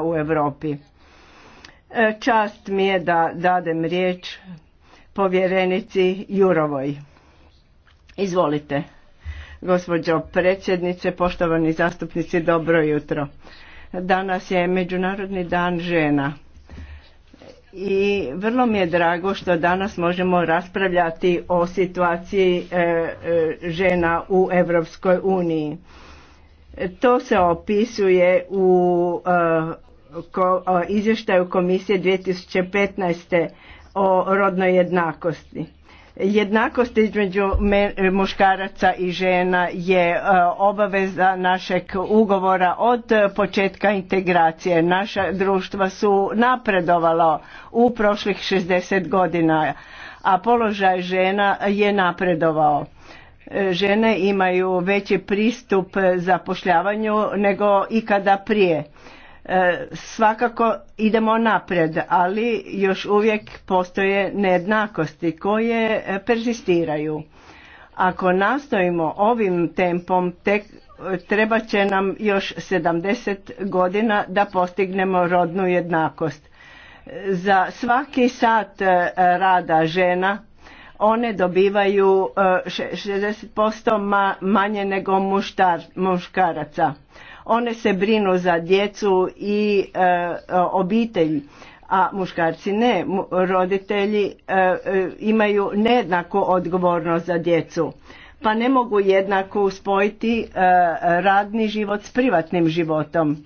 u Europi. E, čast mi je da dadem riječ povjerenici Jurovoj. Izvolite, gospođo predsjednice, poštovani zastupnici, dobro jutro. Danas je Međunarodni dan žena i vrlo mi je drago što danas možemo raspravljati o situaciji e, e, žena u Europskoj uniji. To se opisuje u e, izvještaju komisije 2015. o rodnoj jednakosti. Jednakost između muškaraca i žena je e, obaveza našeg ugovora od početka integracije. Naša društva su napredovala u prošlih 60 godina, a položaj žena je napredovao žene imaju veći pristup zapošljavanju nego ikada prije. E, svakako idemo napred, ali još uvijek postoje nejednakosti koje e, persistiraju. Ako nastojimo ovim tempom, tek, treba će nam još 70 godina da postignemo rodnu jednakost. E, za svaki sat rada žena one dobivaju 60% e, manje nego muškaraca. One se brinu za djecu i e, obitelj, a muškarci ne. Roditelji e, imaju nejednaku odgovornost za djecu. Pa ne mogu jednako uspojiti radni život s privatnim životom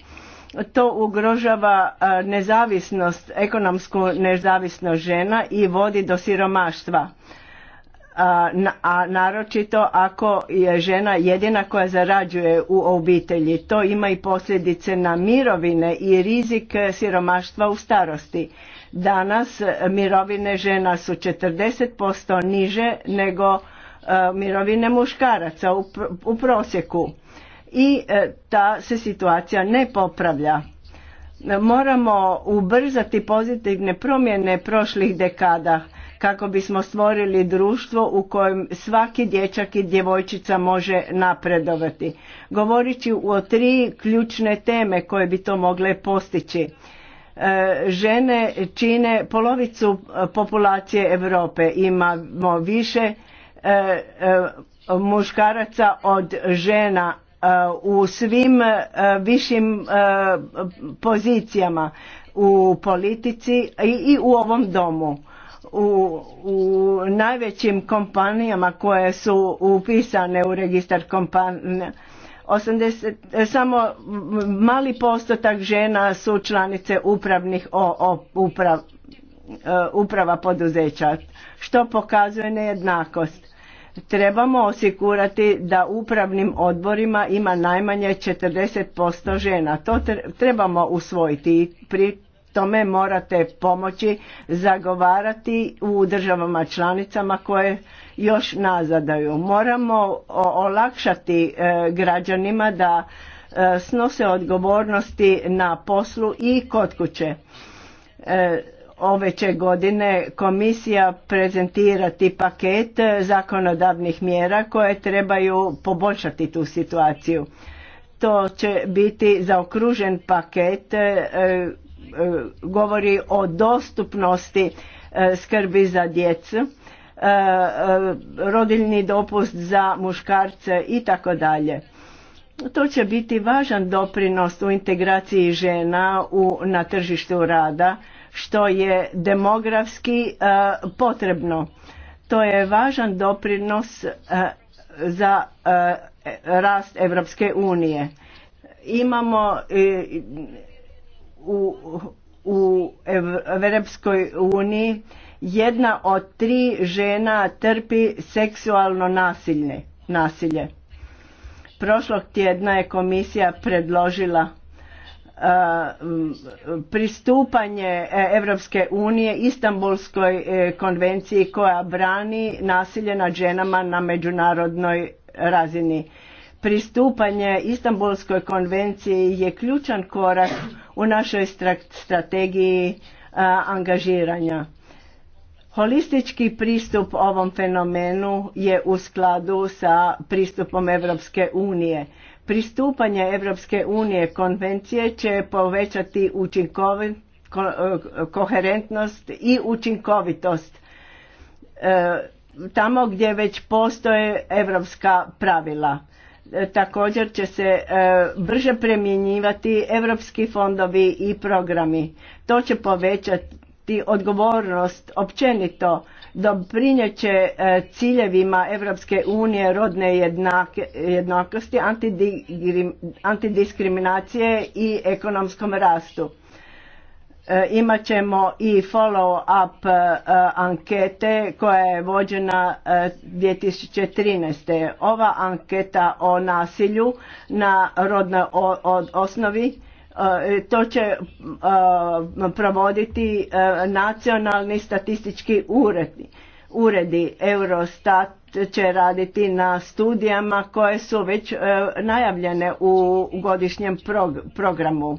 to ugrožava nezavisnost, ekonomsku nezavisnost žena i vodi do siromaštva a naročito ako je žena jedina koja zarađuje u obitelji. To ima i posljedice na mirovine i rizik siromaštva u starosti. Danas e, mirovine žena su 40% niže nego e, mirovine muškaraca u prosjeku i e, ta se situacija ne popravlja. Moramo ubrzati pozitivne promjene prošlih dekada kako bismo stvorili društvo u kojem svaki dječak i djevojčica može napredovati. Govorit o tri ključne teme koje bi to mogle postići. E, žene čine polovicu e, populacije Europe, imamo više e, muškaraca od žena u svim višim pozicijama u politici i u ovom domu u, najvećim kompanijama koje su upisane u registar kompanija 80, samo mali postotak žena su članice upravnih e, uprava poduzeća što pokazuje nejednakost trebamo osigurati da upravnim odborima ima najmanje 40% žena to trebamo usvojiti i pri tome morate pomoći zagovarati u državama članicama koje još nazadaju. Moramo olakšati e, građanima da e, snose odgovornosti na poslu i kod kuće. E, ove će godine komisija prezentirati paket zakonodavnih mjera koje trebaju poboljšati tu situaciju. To će biti zaokružen paket E, govori o dostupnosti e, skrbi za djecu, e, rodiljni dopust za muškarce i tako dalje. To će biti važan doprinos u integraciji žena u, na tržištu rada, što je demografski potrebno. To je važan doprinos za rast Evropske unije. Imamo u, u uniji jedna od tri žena trpi seksualno nasilje. nasilje. Prošlog tjedna je komisija predložila pristupanje Europske unije Istanbulskoj e, konvenciji koja brani nasilje nad ženama na međunarodnoj razini pristupanje Istanbulskoj konvenciji je ključan korak u našoj strategiji angažiranja. Holistički pristup ovom fenomenu je u skladu sa pristupom Evropske unije. Pristupanje Evropske unije konvencije će povećati koherentnost i učinkovitost e, tamo gdje već postoje europska pravila također će se e, brže primjenjivati europski fondovi i programi. To će povećati odgovornost općenito, doprinjeće će e, ciljevima Europske unije rodne jednakosti, antidiskriminacije i ekonomskom rastu. E, imat ćemo i follow-up e, ankete koja je vođena 2013. E, Ova anketa o nasilju na rodnoj osnovi to će provoditi nacionalni statistički uredi. Uredi Eurostat će raditi na studijama koje su već najavljene u godišnjem programu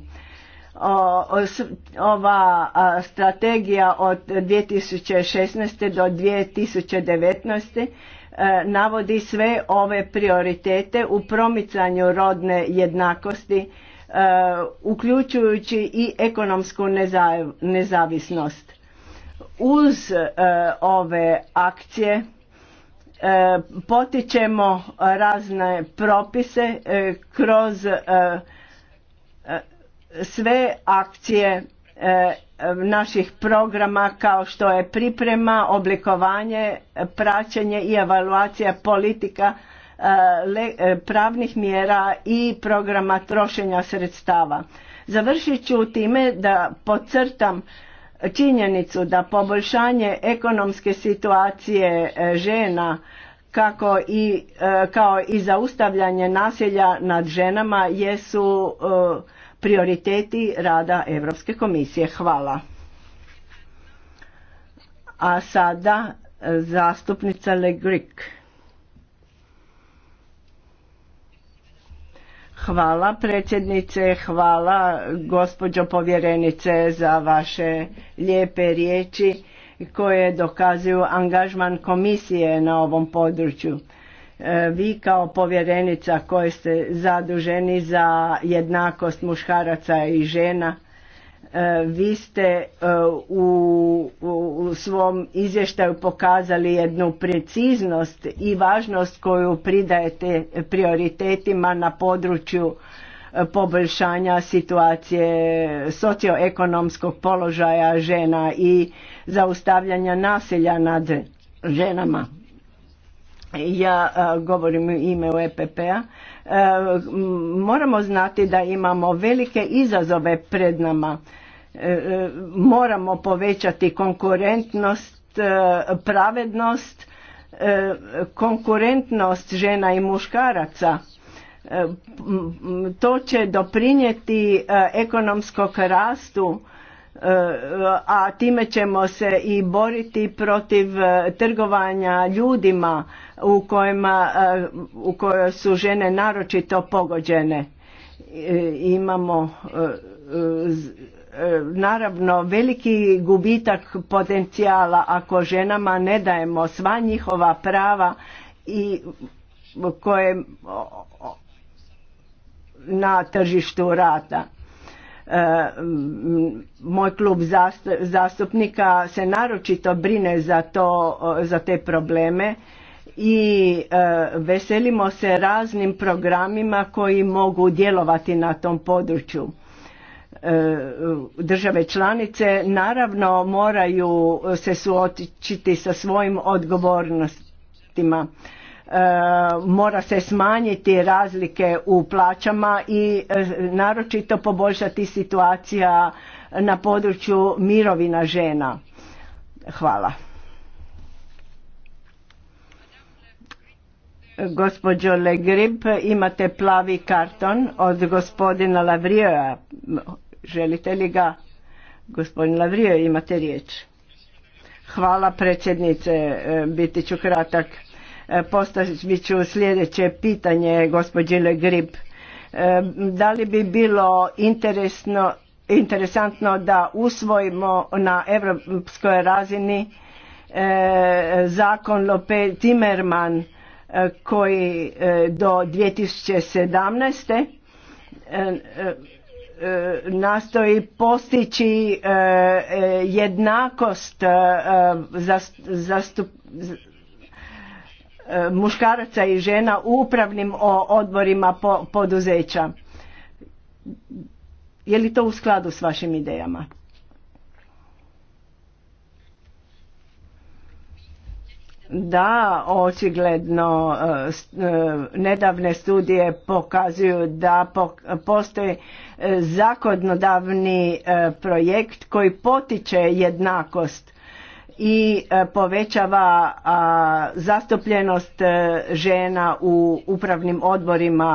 ova strategija od 2016. do 2019. E, navodi sve ove prioritete u promicanju rodne jednakosti e, uključujući i ekonomsku nezavisnost. Uz e, ove akcije potičemo razne propise kroz sve akcije e, naših programa kao što je priprema, oblikovanje, praćenje i evaluacija politika e, e, pravnih mjera i programa trošenja sredstava. Završit ću time da podcrtam činjenicu da poboljšanje ekonomske situacije žena kako i, kao i zaustavljanje nasilja nad ženama jesu prioriteti rada Europske komisije. Hvala. A sada e, zastupnica Le Hvala predsjednice, hvala gospođo povjerenice za vaše lijepe riječi koje dokazuju angažman komisije na ovom području. E, vi kao povjerenica koji ste zaduženi za jednakost muškaraca i žena e, vi ste e, u, u svom izvještaju pokazali jednu preciznost i važnost koju pridajete prioritetima na području poboljšanja situacije socioekonomskog položaja žena i zaustavljanja nasilja nad ženama ja e, govorim u ime EPP-a, e, moramo znati da imamo velike izazove pred nama. E, moramo povećati konkurentnost, pravednost, konkurentnost žena i muškaraca. To će doprinijeti ekonomskog rastu, a time ćemo se i boriti protiv e, trgovanja ljudima u kojima e, u kojoj su žene naročito pogođene e, imamo naravno veliki gubitak potencijala ako ženama ne dajemo sva njihova prava i koje na tržištu rata. E, moj klub zastupnika se naročito brine za, to, za te probleme i e, veselimo se raznim programima koji mogu djelovati na tom području e, države članice naravno moraju se suočiti sa svojim odgovornostima E, mora se smanjiti razlike u plaćama i e, naročito poboljšati situacija na području mirovina žena. Hvala. Gospođo Legrib, imate plavi karton od gospodina Lavrijeva. Želite li ga? Gospodin Lavrije, imate riječ. Hvala predsjednice, e, biti ću kratak E, postavit ću sljedeće pitanje gospođi Grip. E, da li bi bilo interesno, interesantno da usvojimo na europskoj razini e, zakon Lope Timerman koji do 2017 nastoji postići jednakost zastup, muškaraca i žena u upravnim odborima poduzeća. Je li to u skladu s vašim idejama? Da, očigledno e, e, nedavne studije pokazuju da postoji e, zakonodavni projekt koji potiče jednakost i e, povećava zastupljenost e, žena u upravnim odborima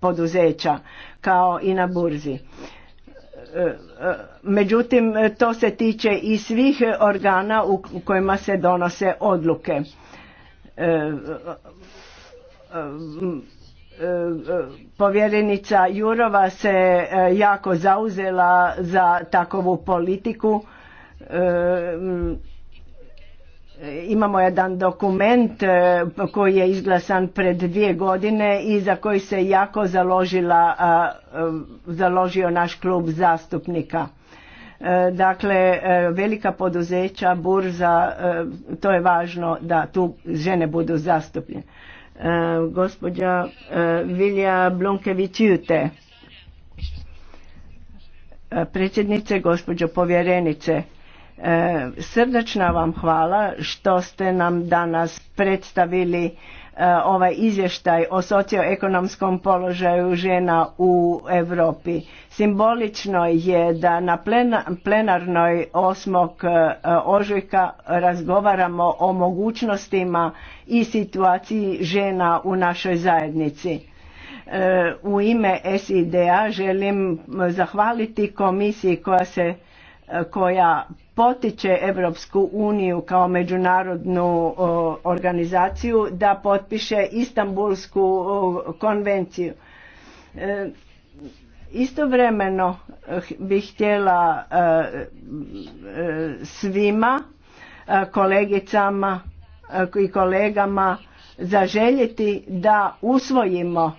poduzeća kao i na burzi. E, međutim, to se tiče i svih organa u kojima se donose odluke. Povjerenica Jurova se jako zauzela za takovu politiku E, mm, imamo jedan dokument e, koji je izglasan pred dvije godine i za koji se jako založila, e, založio naš klub zastupnika. Dakle, velika poduzeća, burza, to je važno da tu žene budu zastupljene. Gospođa Vilja Blunkević-Jute, predsjednice, gospođo povjerenice, E, srdačna vam hvala što ste nam danas predstavili e, ovaj izvještaj o socioekonomskom položaju žena u Europi. Simbolično je da na plenarnoj 8. E, ožujka razgovaramo o mogućnostima i situaciji žena u našoj zajednici. U ime sid želim zahvaliti komisiji koja se koja potiče Europsku uniju kao međunarodnu organizaciju da potpiše Istanbulsku konvenciju. E, istovremeno eh, bih htjela eh, eh, svima kolegicama i kolegama zaželjeti da usvojimo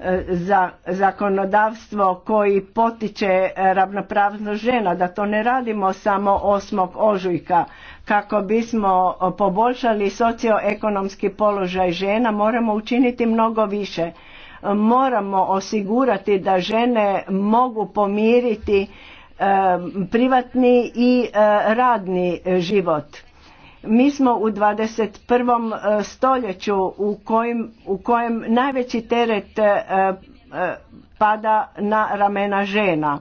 E, za zakonodavstvo koji potiče e, ravnopravnost žena, da to ne radimo samo 8. ožujka. Kako bismo poboljšali socioekonomski položaj žena moramo učiniti mnogo više. Moramo osigurati da žene mogu pomiriti e, privatni i radni život mi smo u 21. E, stoljeću u kojem, u kojem najveći teret e, e, pada na ramena žena.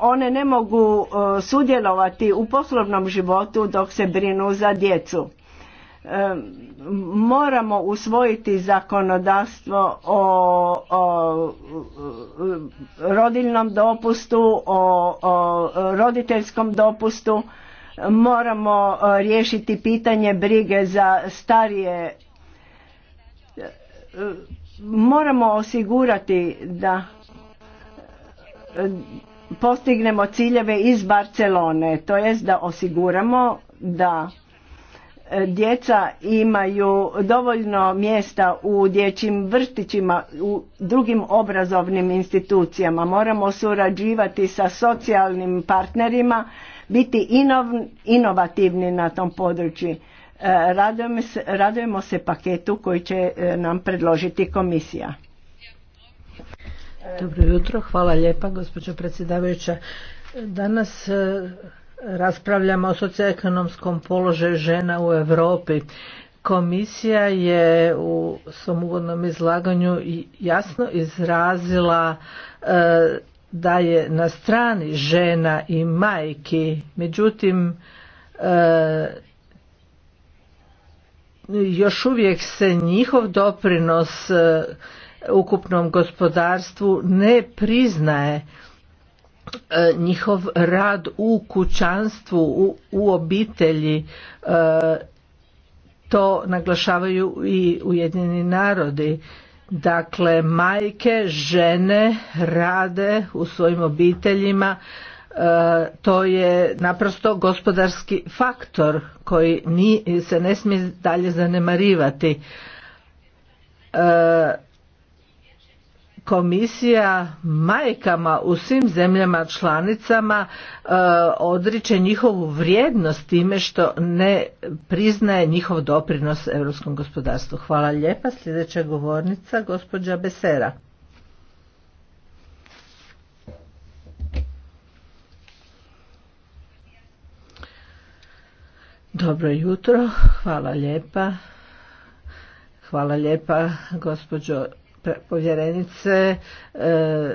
One ne mogu sudjelovati u poslovnom životu dok se brinu za djecu. Moramo usvojiti zakonodavstvo o, o rodiljnom dopustu, o roditeljskom dopustu Moramo e, riješiti pitanje brige za starije. E, moramo osigurati da e, postignemo ciljeve iz Barcelone, to jest da osiguramo da djeca imaju dovoljno mjesta u dječjim vrtićima, u drugim obrazovnim institucijama. Moramo surađivati sa socijalnim partnerima biti inov, inovativni na tom području. E, radujemo se, radujemo se paketu koji će e, nam predložiti komisija. Dobro jutro, hvala lijepa gospođo predsjedavajuća. Danas e, raspravljamo o socioekonomskom položaju žena u Europi. Komisija je u svom uvodnom izlaganju jasno izrazila da je na strani žena i majki, međutim e, još uvijek se njihov doprinos e, ukupnom gospodarstvu ne priznaje e, njihov rad u kućanstvu, u, u obitelji e, to naglašavaju i Ujedinjeni narodi Dakle, majke, žene rade u svojim obiteljima, e, to je naprosto gospodarski faktor koji se ne smije dalje zanemarivati. E, komisija majkama u svim zemljama članicama e, odriče njihovu vrijednost time što ne priznaje njihov doprinos europskom gospodarstvu. Hvala lijepa. Sljedeća govornica, gospođa Besera. Dobro jutro, hvala lijepa. Hvala lijepa gospođo povjerenice e,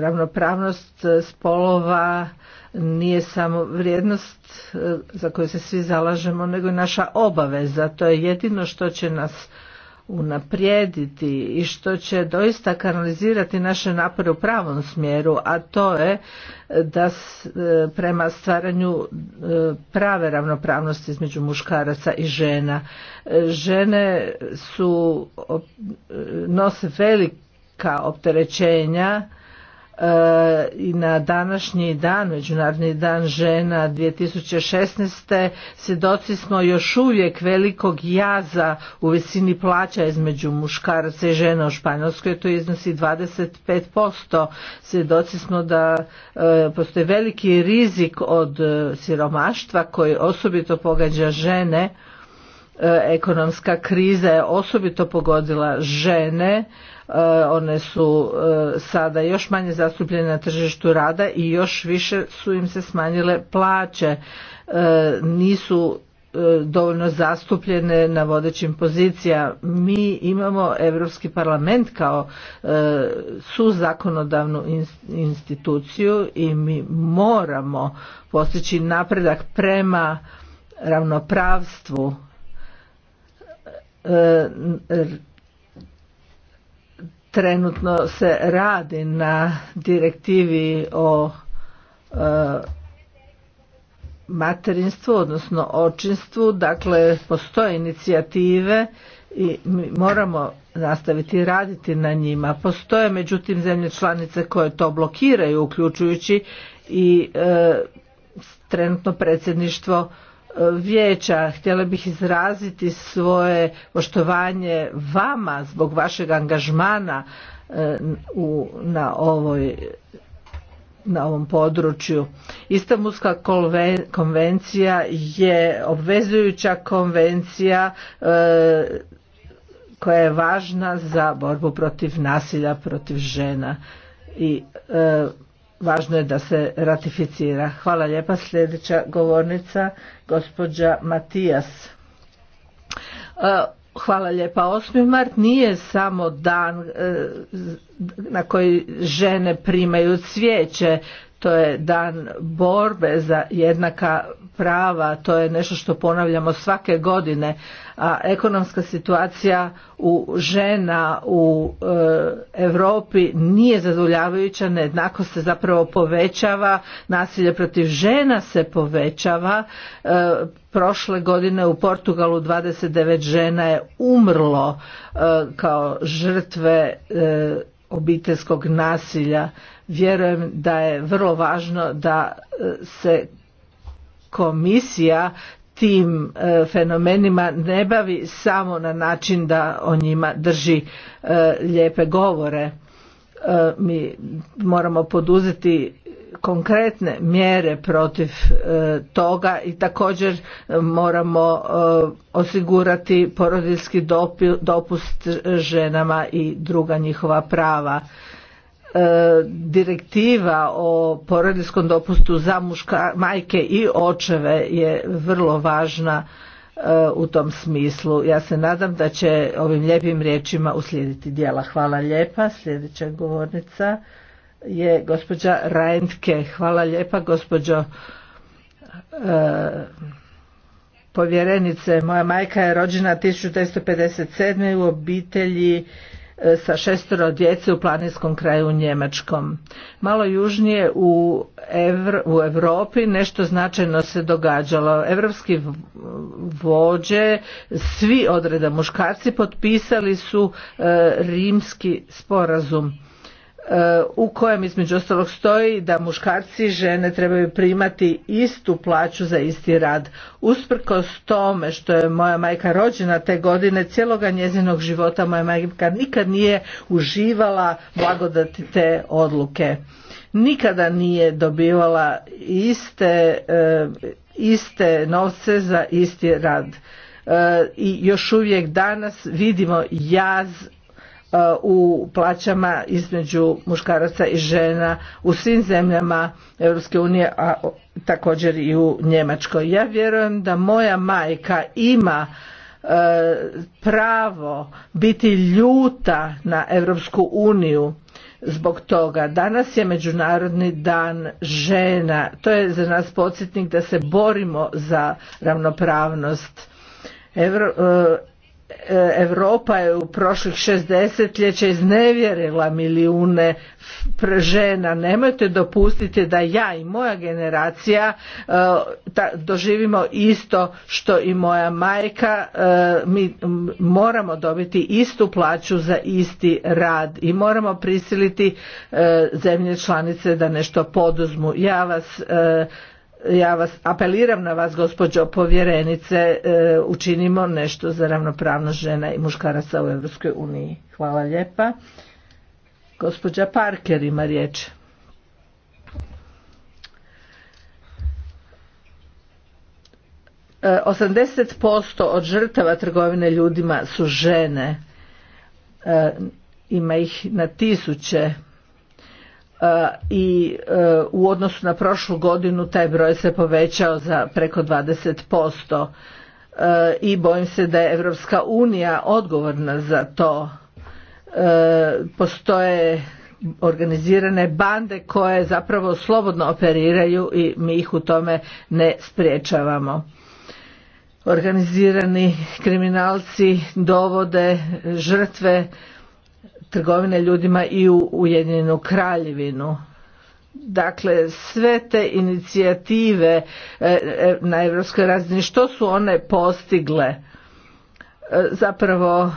ravnopravnost spolova nije samo vrijednost e, za koju se svi zalažemo nego i naša obaveza to je jedino što će nas unaprijediti i što će doista kanalizirati naše napore u pravom smjeru, a to je da e, prema stvaranju e, prave ravnopravnosti između muškaraca i žena. E, žene su nose velika opterećenja E, i na današnji dan, Međunarodni dan žena 2016. svjedoci smo još uvijek velikog jaza u visini plaća između muškaraca i žena u Španjolskoj, to iznosi 25%. Svjedoci smo da e, postoji veliki rizik od e, siromaštva koji osobito pogađa žene. Ekonomska kriza je osobito pogodila žene E, one su e, sada još manje zastupljene na tržištu rada i još više su im se smanjile plaće e, nisu dovoljno zastupljene na vodećim pozicija. Mi imamo Europski parlament kao e, zakonodavnu instituciju i mi moramo postići napredak prema ravnopravstvu trenutno se radi na direktivi o e, materinstvu odnosno očinstvu dakle postoje inicijative i mi moramo nastaviti raditi na njima postoje međutim zemlje članice koje to blokiraju uključujući i e, trenutno predsjedništvo vijeća htjela bih izraziti svoje poštovanje vama zbog vašeg angažmana e, u, na ovoj na ovom području. Istanbulska konvencija je obvezujuća konvencija e, koja je važna za borbu protiv nasilja protiv žena i e, važno je da se ratificira. Hvala lijepa. Sljedeća govornica, gospođa Matijas. E, hvala lijepa. 8. mart nije samo dan e, na koji žene primaju cvijeće to je dan borbe za jednaka prava, to je nešto što ponavljamo svake godine, a ekonomska situacija u žena u e, Europi nije zadovoljavajuća, nejednakost se zapravo povećava, nasilje protiv žena se povećava. E, prošle godine u Portugalu 29 žena je umrlo e, kao žrtve obiteljskog nasilja vjerujem da je vrlo važno da e, se komisija tim e, fenomenima ne bavi samo na način da o njima drži e, lijepe govore mi moramo poduzeti konkretne mjere protiv toga i također moramo osigurati porodiljski dopust ženama i druga njihova prava E, direktiva o porodiljskom dopustu za majke i očeve je vrlo važna e, u tom smislu. Ja se nadam da će ovim lijepim riječima uslijediti dijela. Hvala lijepa. Sljedeća govornica je gospođa Rajntke. Hvala lijepa gospođo e, povjerenice. Moja majka je rođena 1957. u obitelji E, sa šestoro djece u planinskom kraju u Njemačkom. Malo južnije u, u Europi nešto značajno se događalo. Europski vođe, svi odreda muškarci potpisali su e, rimski sporazum Eh, u kojem između ostalog stoji da muškarci i žene trebaju primati istu plaću za isti rad. Usprkos tome što je moja majka rođena te godine, cijeloga njezinog života moja majka nikad nije uživala blagodati te odluke. Nikada nije dobivala iste, eh, iste novce za isti rad. Eh, I još uvijek danas vidimo jaz u plaćama između muškaraca i žena u svim zemljama Europske unije, a također i u Njemačkoj. Ja vjerujem da moja majka ima e, pravo biti ljuta na Europsku uniju zbog toga. Danas je Međunarodni dan žena. To je za nas podsjetnik da se borimo za ravnopravnost. E, Europa je u prošlih šest desetljeća iznevjerila milijune žena. Nemojte dopustiti da ja i moja generacija e, doživimo isto što i moja majka. E, mi moramo dobiti istu plaću za isti rad i moramo prisiliti e, zemlje članice da nešto poduzmu. Ja vas ja vas apeliram na vas gospođo povjerenice e, učinimo nešto za ravnopravnost žena i muškaraca u Europskoj uniji. Hvala lijepa. Gospođa Parker ima riječ. E, osamdeset 80% od žrtava trgovine ljudima su žene. E, ima ih na tisuće E, i e, u odnosu na prošlu godinu taj broj se povećao za preko 20% e, i bojim se da je Europska unija odgovorna za to. Postoje organizirane bande koje zapravo slobodno operiraju i mi ih u tome ne spriječavamo. Organizirani kriminalci dovode žrtve trgovine ljudima i u Ujedinjenu kraljevinu. Dakle, sve te inicijative e, e, na europskoj razini, što su one postigle? E, zapravo,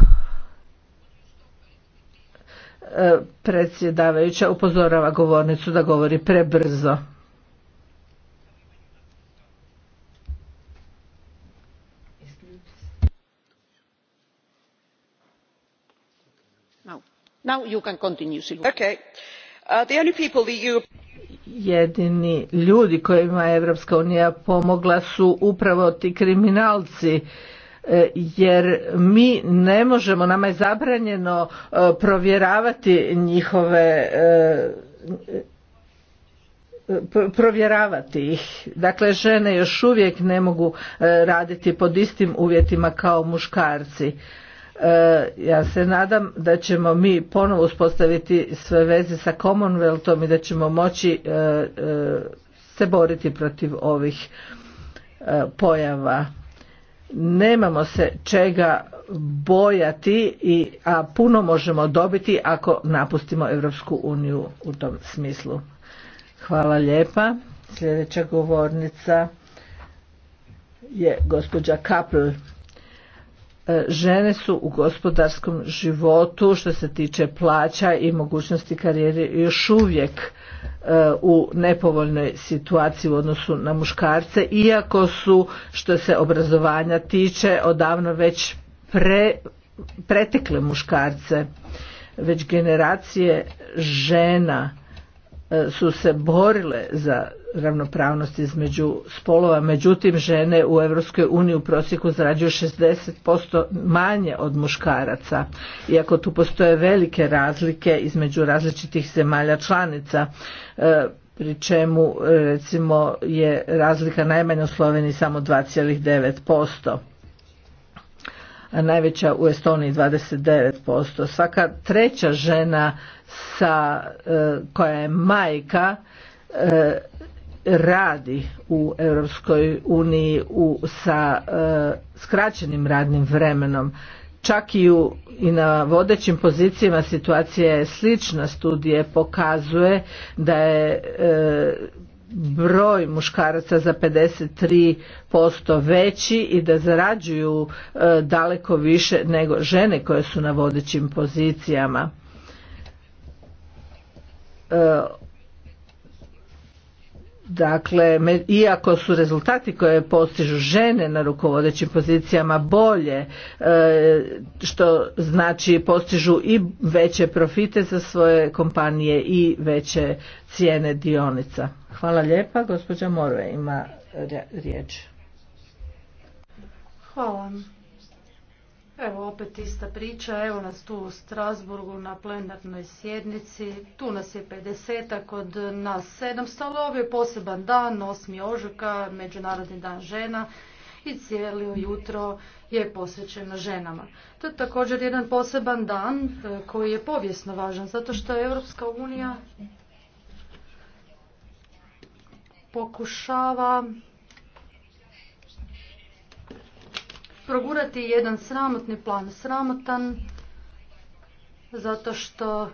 predsjedavajuća upozorava govornicu da govori prebrzo. jedini ljudi kojima je europska unija pomogla su upravo ti kriminalci e, jer mi ne možemo nama je zabranjeno e, provjeravati njihove e, provjeravati ih. Dakle, žene još uvijek ne mogu raditi pod istim uvjetima kao muškarci. E, ja se nadam da ćemo mi ponovo uspostaviti sve veze sa Commonwealthom i da ćemo moći e, e, se boriti protiv ovih pojava. Nemamo se čega bojati, i, a puno možemo dobiti ako napustimo Europsku uniju u tom smislu. Hvala lijepa. Sljedeća govornica je gospođa Kapl. E, žene su u gospodarskom životu što se tiče plaća i mogućnosti karijere još uvijek e, u nepovoljnoj situaciji u odnosu na muškarce iako su što se obrazovanja tiče odavno već pre, pretekle muškarce već generacije žena e, su se borile za ravnopravnosti između spolova. Međutim, žene u Europskoj uniji u prosjeku zarađuju 60% manje od muškaraca. Iako tu postoje velike razlike između različitih zemalja članica, e, pri čemu e, recimo je razlika najmanje u Sloveniji samo 2,9% a najveća u Estoniji 29%. Svaka treća žena sa, e, koja je majka radi u Europskoj uniji sa e, skraćenim radnim vremenom. Čak i, u, i na vodećim pozicijama situacija je slična. Studije pokazuje da je e, broj muškaraca za 53% veći i da zarađuju e, daleko više nego žene koje su na vodećim pozicijama Dakle, iako su rezultati koje postižu žene na rukovodećim pozicijama bolje, e, što znači postižu i veće profite za svoje kompanije i veće cijene dionica. Hvala lijepa, gospođa Morve ima riječ. Hvala. Evo opet ista priča, evo nas tu u Strasburgu na plenarnoj sjednici, tu nas je 50 kod nas 700, ali je poseban dan, 8. ožuka, Međunarodni dan žena i cijelo jutro je posvećeno ženama. To je također jedan poseban dan e, koji je povijesno važan, zato što je Europska unija pokušava progurati jedan sramotni plan, sramotan zato što e,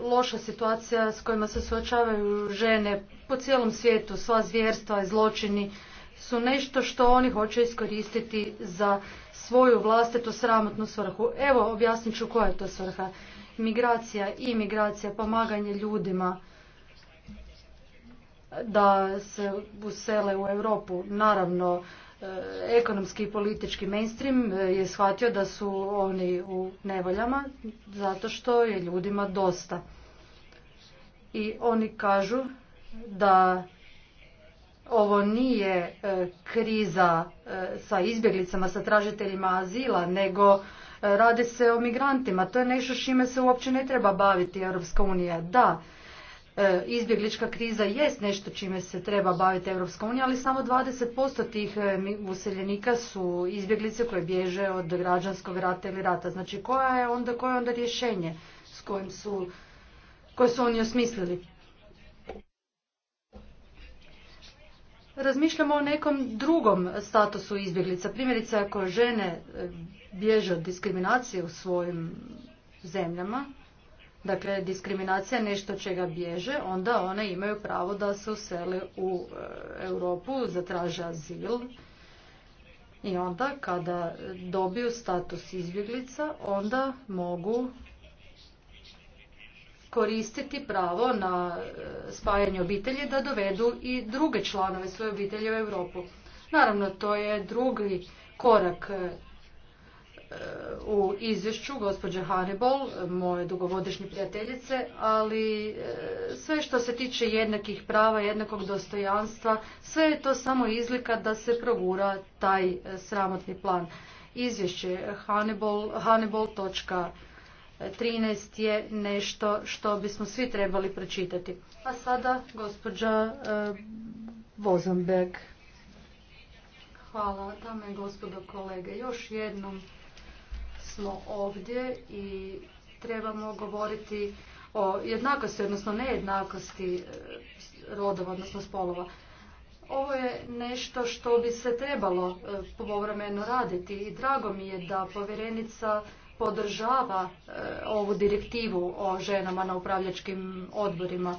loša situacija s kojima se suočavaju žene po cijelom svijetu, sva zvjerstva i zločini su nešto što oni hoće iskoristiti za svoju vlastitu sramotnu svrhu. Evo objasnit ću koja je to svrha. Migracija, i imigracija, pomaganje ljudima da se usele u Europu. Naravno, E, ekonomski i politički mainstream e, je shvatio da su oni u nevoljama zato što je ljudima dosta. I oni kažu da ovo nije e, kriza sa izbjeglicama, sa tražiteljima azila, nego radi se o migrantima. To je nešto šime se uopće ne treba baviti Europska unija. Da, E, izbjeglička kriza jest nešto čime se treba baviti Europska unija, ali samo 20% tih e, useljenika su izbjeglice koje bježe od građanskog rata ili rata. Znači, koja je onda, koje je onda rješenje s kojim su, koje su oni osmislili? Razmišljamo o nekom drugom statusu izbjeglica. Primjerice, ako žene e, bježe od diskriminacije u svojim zemljama, dakle diskriminacija nešto čega bježe, onda one imaju pravo da se usele u e, Europu, zatraže azil. I onda kada dobiju status izbjeglica, onda mogu koristiti pravo na e, spajanje obitelji da dovedu i druge članove svoje obitelji u Europu. Naravno, to je drugi korak e, u izvješću gospođe Hannibal, moje dugogodišnje prijateljice, ali e, sve što se tiče jednakih prava, jednakog dostojanstva, sve je to samo izlika da se progura taj e, sramotni plan. Izvješće Hannibal.13 Hannibal je nešto što bismo svi trebali pročitati. A sada gospođa e, Vozenberg. Hvala, dame gospodo kolege. Još jednom smo ovdje i trebamo govoriti o jednakosti, odnosno nejednakosti e, rodova, odnosno spolova. Ovo je nešto što bi se trebalo e, povremeno raditi i drago mi je da povjerenica podržava e, ovu direktivu o ženama na upravljačkim odborima.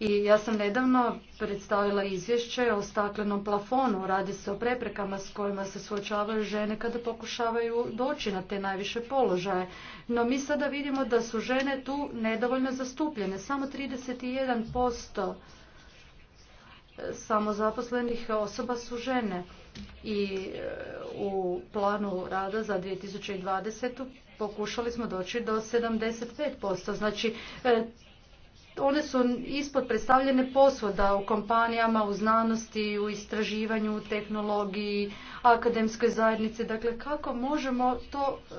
I ja sam nedavno predstavila izvješće o staklenom plafonu. Radi se o preprekama s kojima se suočavaju žene kada pokušavaju doći na te najviše položaje. No mi sada vidimo da su žene tu nedovoljno zastupljene. Samo 31% e, samozaposlenih osoba su žene. I e, u planu rada za 2020 pokušali smo doći do 75%. Znači e, one su ispod predstavljene posvoda u kompanijama, u znanosti, u istraživanju, u tehnologiji, akademskoj zajednici. Dakle, kako možemo to e,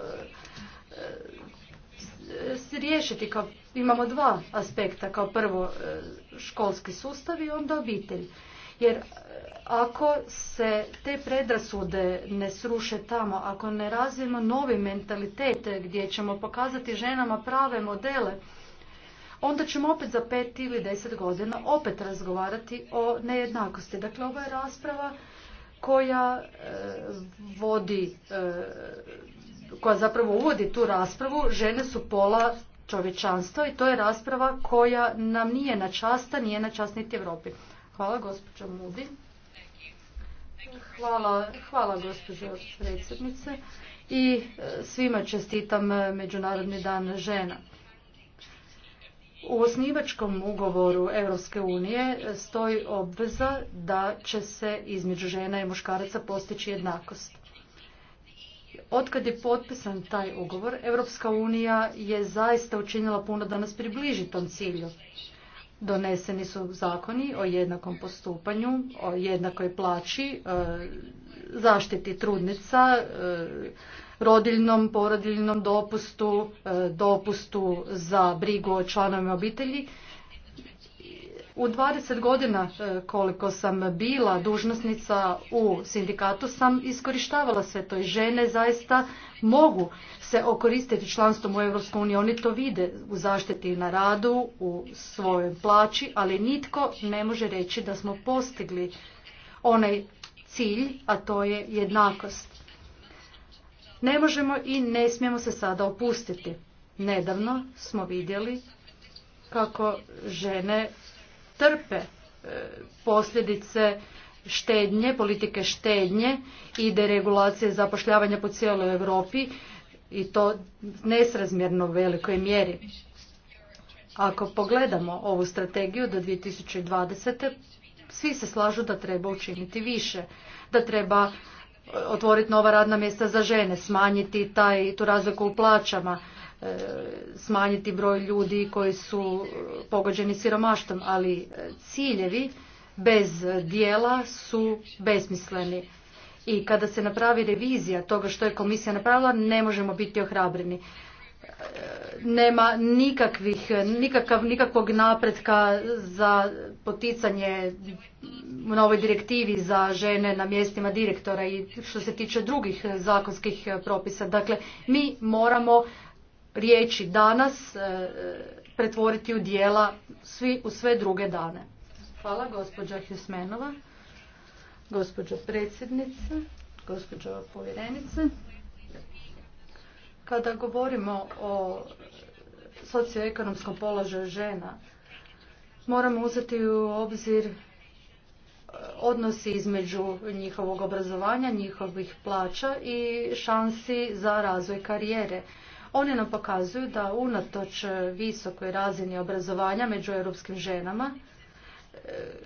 e, riješiti? Kao, imamo dva aspekta. Kao prvo e, školski sustav i onda obitelj. Jer ako se te predrasude ne sruše tamo, ako ne razvijemo novi mentalitet gdje ćemo pokazati ženama prave modele, onda ćemo opet za pet ili deset godina opet razgovarati o nejednakosti. Dakle, ovo je rasprava koja e, vodi, e, koja zapravo uvodi tu raspravu. Žene su pola čovječanstva i to je rasprava koja nam nije na časta, nije na čast niti Europi. Hvala gospođo Mudi. Hvala, hvala gospođo predsjednice i e, svima čestitam Međunarodni dan žena. U osnivačkom ugovoru Europske unije stoji obveza da će se između žena i muškaraca postići jednakost. Otkad je potpisan taj ugovor, Europska unija je zaista učinila puno da nas približi tom cilju. Doneseni su zakoni o jednakom postupanju, o jednakoj plaći, e, zaštiti trudnica, e, rodiljnom, porodiljnom dopustu, e, dopustu za brigu o članovima obitelji. U 20 godina e, koliko sam bila dužnosnica u sindikatu sam iskorištavala sve to i žene zaista mogu se okoristiti članstvom u EU. Oni to vide u zaštiti na radu, u svojoj plaći, ali nitko ne može reći da smo postigli onaj cilj, a to je jednakost. Ne možemo i ne smijemo se sada opustiti. Nedavno smo vidjeli kako žene trpe e, posljedice štednje, politike štednje i deregulacije zapošljavanja po cijeloj Europi i to nesrazmjerno velikoj mjeri. Ako pogledamo ovu strategiju do 2020. svi se slažu da treba učiniti više, da treba otvoriti nova radna mjesta za žene, smanjiti taj, tu razliku u plaćama, e, smanjiti broj ljudi koji su pogođeni siromaštom, ali e, ciljevi bez dijela su besmisleni. I kada se napravi revizija toga što je komisija napravila, ne možemo biti ohrabreni nema nikakvih, nikakvog napretka za poticanje u novoj direktivi za žene na mjestima direktora i što se tiče drugih zakonskih propisa. Dakle, mi moramo riječi danas e, pretvoriti u dijela svi, u sve druge dane. Hvala gospođa Hjusmenova, gospođo predsjednice, gospođo povjerenice. Kada govorimo o socioekonomskom položaju žena, moramo uzeti u obzir eh, odnosi između njihovog obrazovanja, njihovih plaća i šansi za razvoj karijere. Oni nam pokazuju da unatoč visokoj razini obrazovanja među europskim ženama, eh,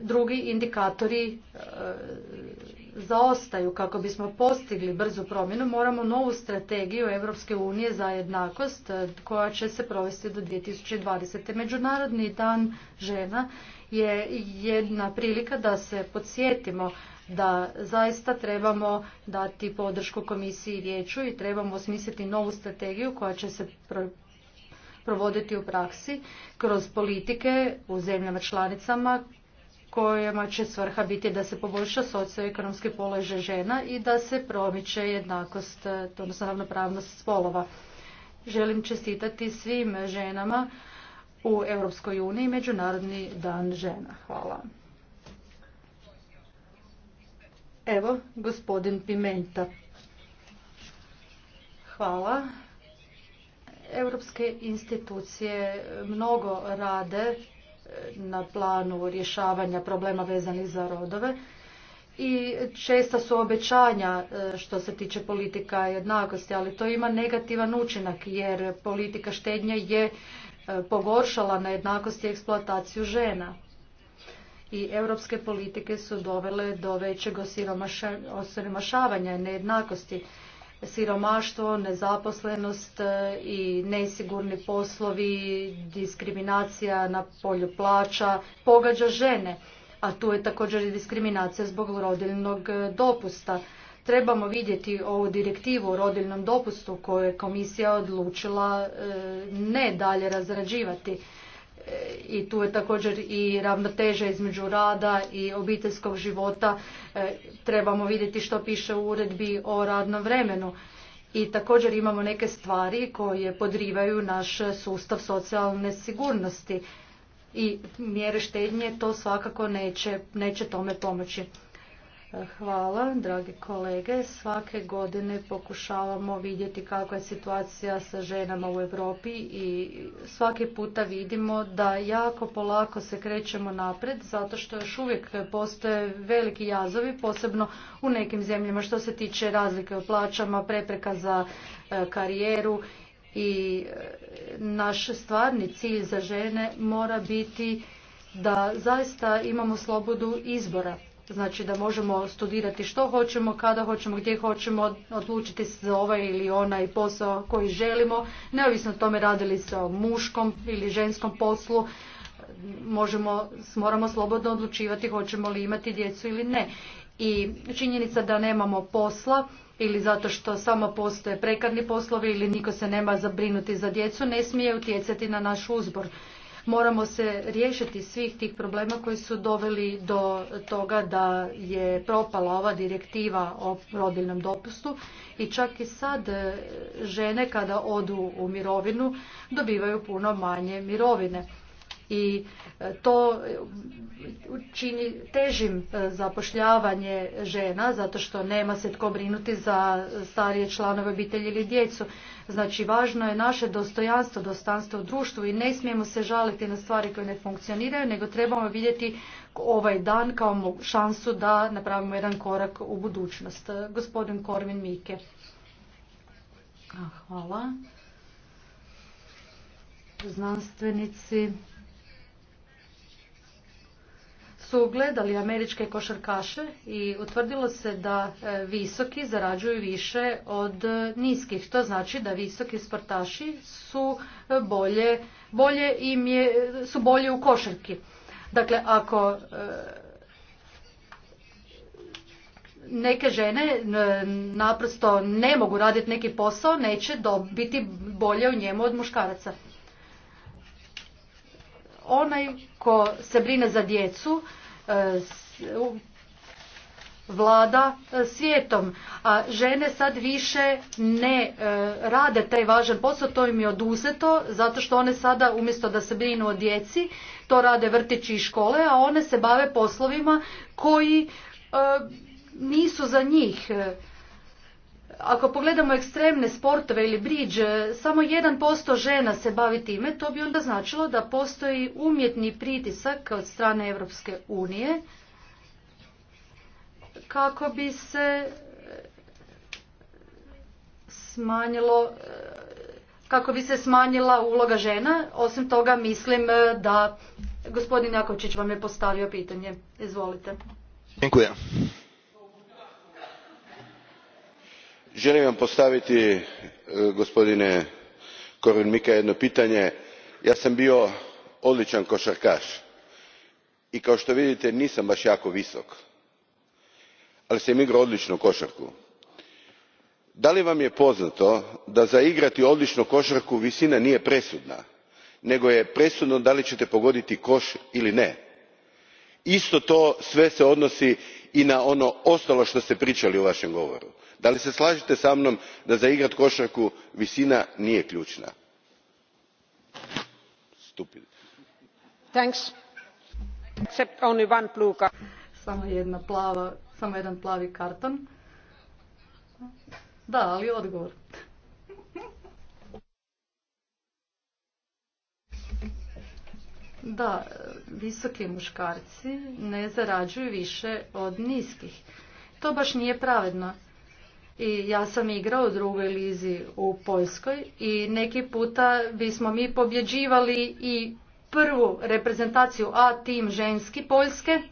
drugi indikatori eh, zaostaju kako bismo postigli brzu promjenu moramo novu strategiju Europske unije za jednakost e, koja će se provesti do 2020. Međunarodni dan žena je jedna prilika da se podsjetimo da zaista trebamo dati podršku komisiji i vijeću i trebamo osmisliti novu strategiju koja će se provoditi u praksi kroz politike u zemljama članicama kojima će svrha biti da se poboljša socioekonomski položaj žena i da se promiče jednakost, odnosno ravnopravnost spolova. Želim čestitati svim ženama u Europskoj uniji Međunarodni dan žena. Hvala. Evo, gospodin Pimenta. Hvala. Europske institucije mnogo rade na planu rješavanja problema vezanih za rodove i česta su obećanja e, što se tiče politika jednakosti, ali to ima negativan učinak jer politika štednje je e, pogoršala nejednakost i eksploataciju žena. I europske politike su dovele do većeg osiromašavanja nejednakosti siromaštvo, nezaposlenost e, i nesigurni poslovi, diskriminacija na polju plaća pogađa žene, a tu je također i diskriminacija zbog rodiljnog e, dopusta. Trebamo vidjeti ovu direktivu o rodiljnom dopustu koju je komisija odlučila e, ne dalje razrađivati i tu je također i ravnoteža između rada i obiteljskog života. E, trebamo vidjeti što piše u uredbi o radnom vremenu. I također imamo neke stvari koje podrivaju naš sustav socijalne sigurnosti i mjere štednje to svakako neće, tome pomoći. Hvala, dragi kolege. Svake godine pokušavamo vidjeti kakva je situacija sa ženama u Europi i svaki puta vidimo da jako polako se krećemo napred zato što još uvijek postoje veliki jazovi, posebno u nekim zemljama što se tiče razlike u plaćama, prepreka za e, karijeru i e, naš stvarni cilj za žene mora biti da zaista imamo slobodu izbora Znači da možemo studirati što hoćemo, kada hoćemo, gdje hoćemo, odlučiti se za ovaj ili onaj posao koji želimo, neovisno o tome radili se o muškom ili ženskom poslu, možemo, moramo slobodno odlučivati hoćemo li imati djecu ili ne. I činjenica da nemamo posla ili zato što samo postoje prekarni poslovi ili niko se nema zabrinuti za djecu ne smije utjecati na naš uzbor. Moramo se riješiti svih tih problema koji su doveli do toga da je propala ova direktiva o rodiljnom dopustu i čak i sad e, žene kada odu u mirovinu dobivaju puno manje mirovine i e, to čini težim e, zapošljavanje žena zato što nema se tko brinuti za starije članove obitelji ili djecu. Znači važno je naše dostojanstvo, dostanstvo u društvu i ne smijemo se žaliti na stvari koje ne funkcioniraju, nego trebamo vidjeti ovaj dan kao šansu da napravimo jedan korak u budućnost. Gospodin Korvin Mike. Hvala. Znanstvenici su američke košarkaše i utvrdilo se da e, visoki zarađuju više od e, niskih. To znači da visoki sportaši su e, bolje, bolje im je, su bolje u košarki. Dakle, ako neke žene naprosto ne mogu raditi neki posao, neće biti bolje u njemu od muškaraca onaj ko se brine za djecu E, vlada e, svijetom, a žene sad više ne e, rade taj važan posao, to im je oduzeto zato što one sada umjesto da se brinu o djeci, to rade vrtići i škole, a one se bave poslovima koji nisu za njih ako pogledamo ekstremne sportove ili briđe, samo 1% žena se bavi time, to bi onda značilo da postoji umjetni pritisak od strane Europske unije kako bi se eh, smanjilo eh, kako bi se smanjila uloga žena. Osim toga mislim eh, da gospodin Jakovčić vam je postavio pitanje. Izvolite. želim vam postaviti e, gospodine korwin mikke jedno pitanje. ja sam bio odličan košarkaš i kao što vidite nisam baš jako visok ali sam igrao odličnu košarku. da li vam je poznato da za igrati odličnu košarku visina nije presudna nego je presudno da li ćete pogoditi koš ili ne? isto to sve se odnosi i na ono ostalo što ste pričali u vašem govoru. Da li se sa mnom da za igrat košarku visina nije ključna? samo jedna plava, samo jedan plavi karton. Da, ali odgovor. Da, visoki muškarci ne zarađuju više od niskih. To baš nije pravedno. I ja sam igrao u drugoj lizi u Poljskoj i neki puta bismo mi pobjeđivali i prvu reprezentaciju A tim ženski Poljske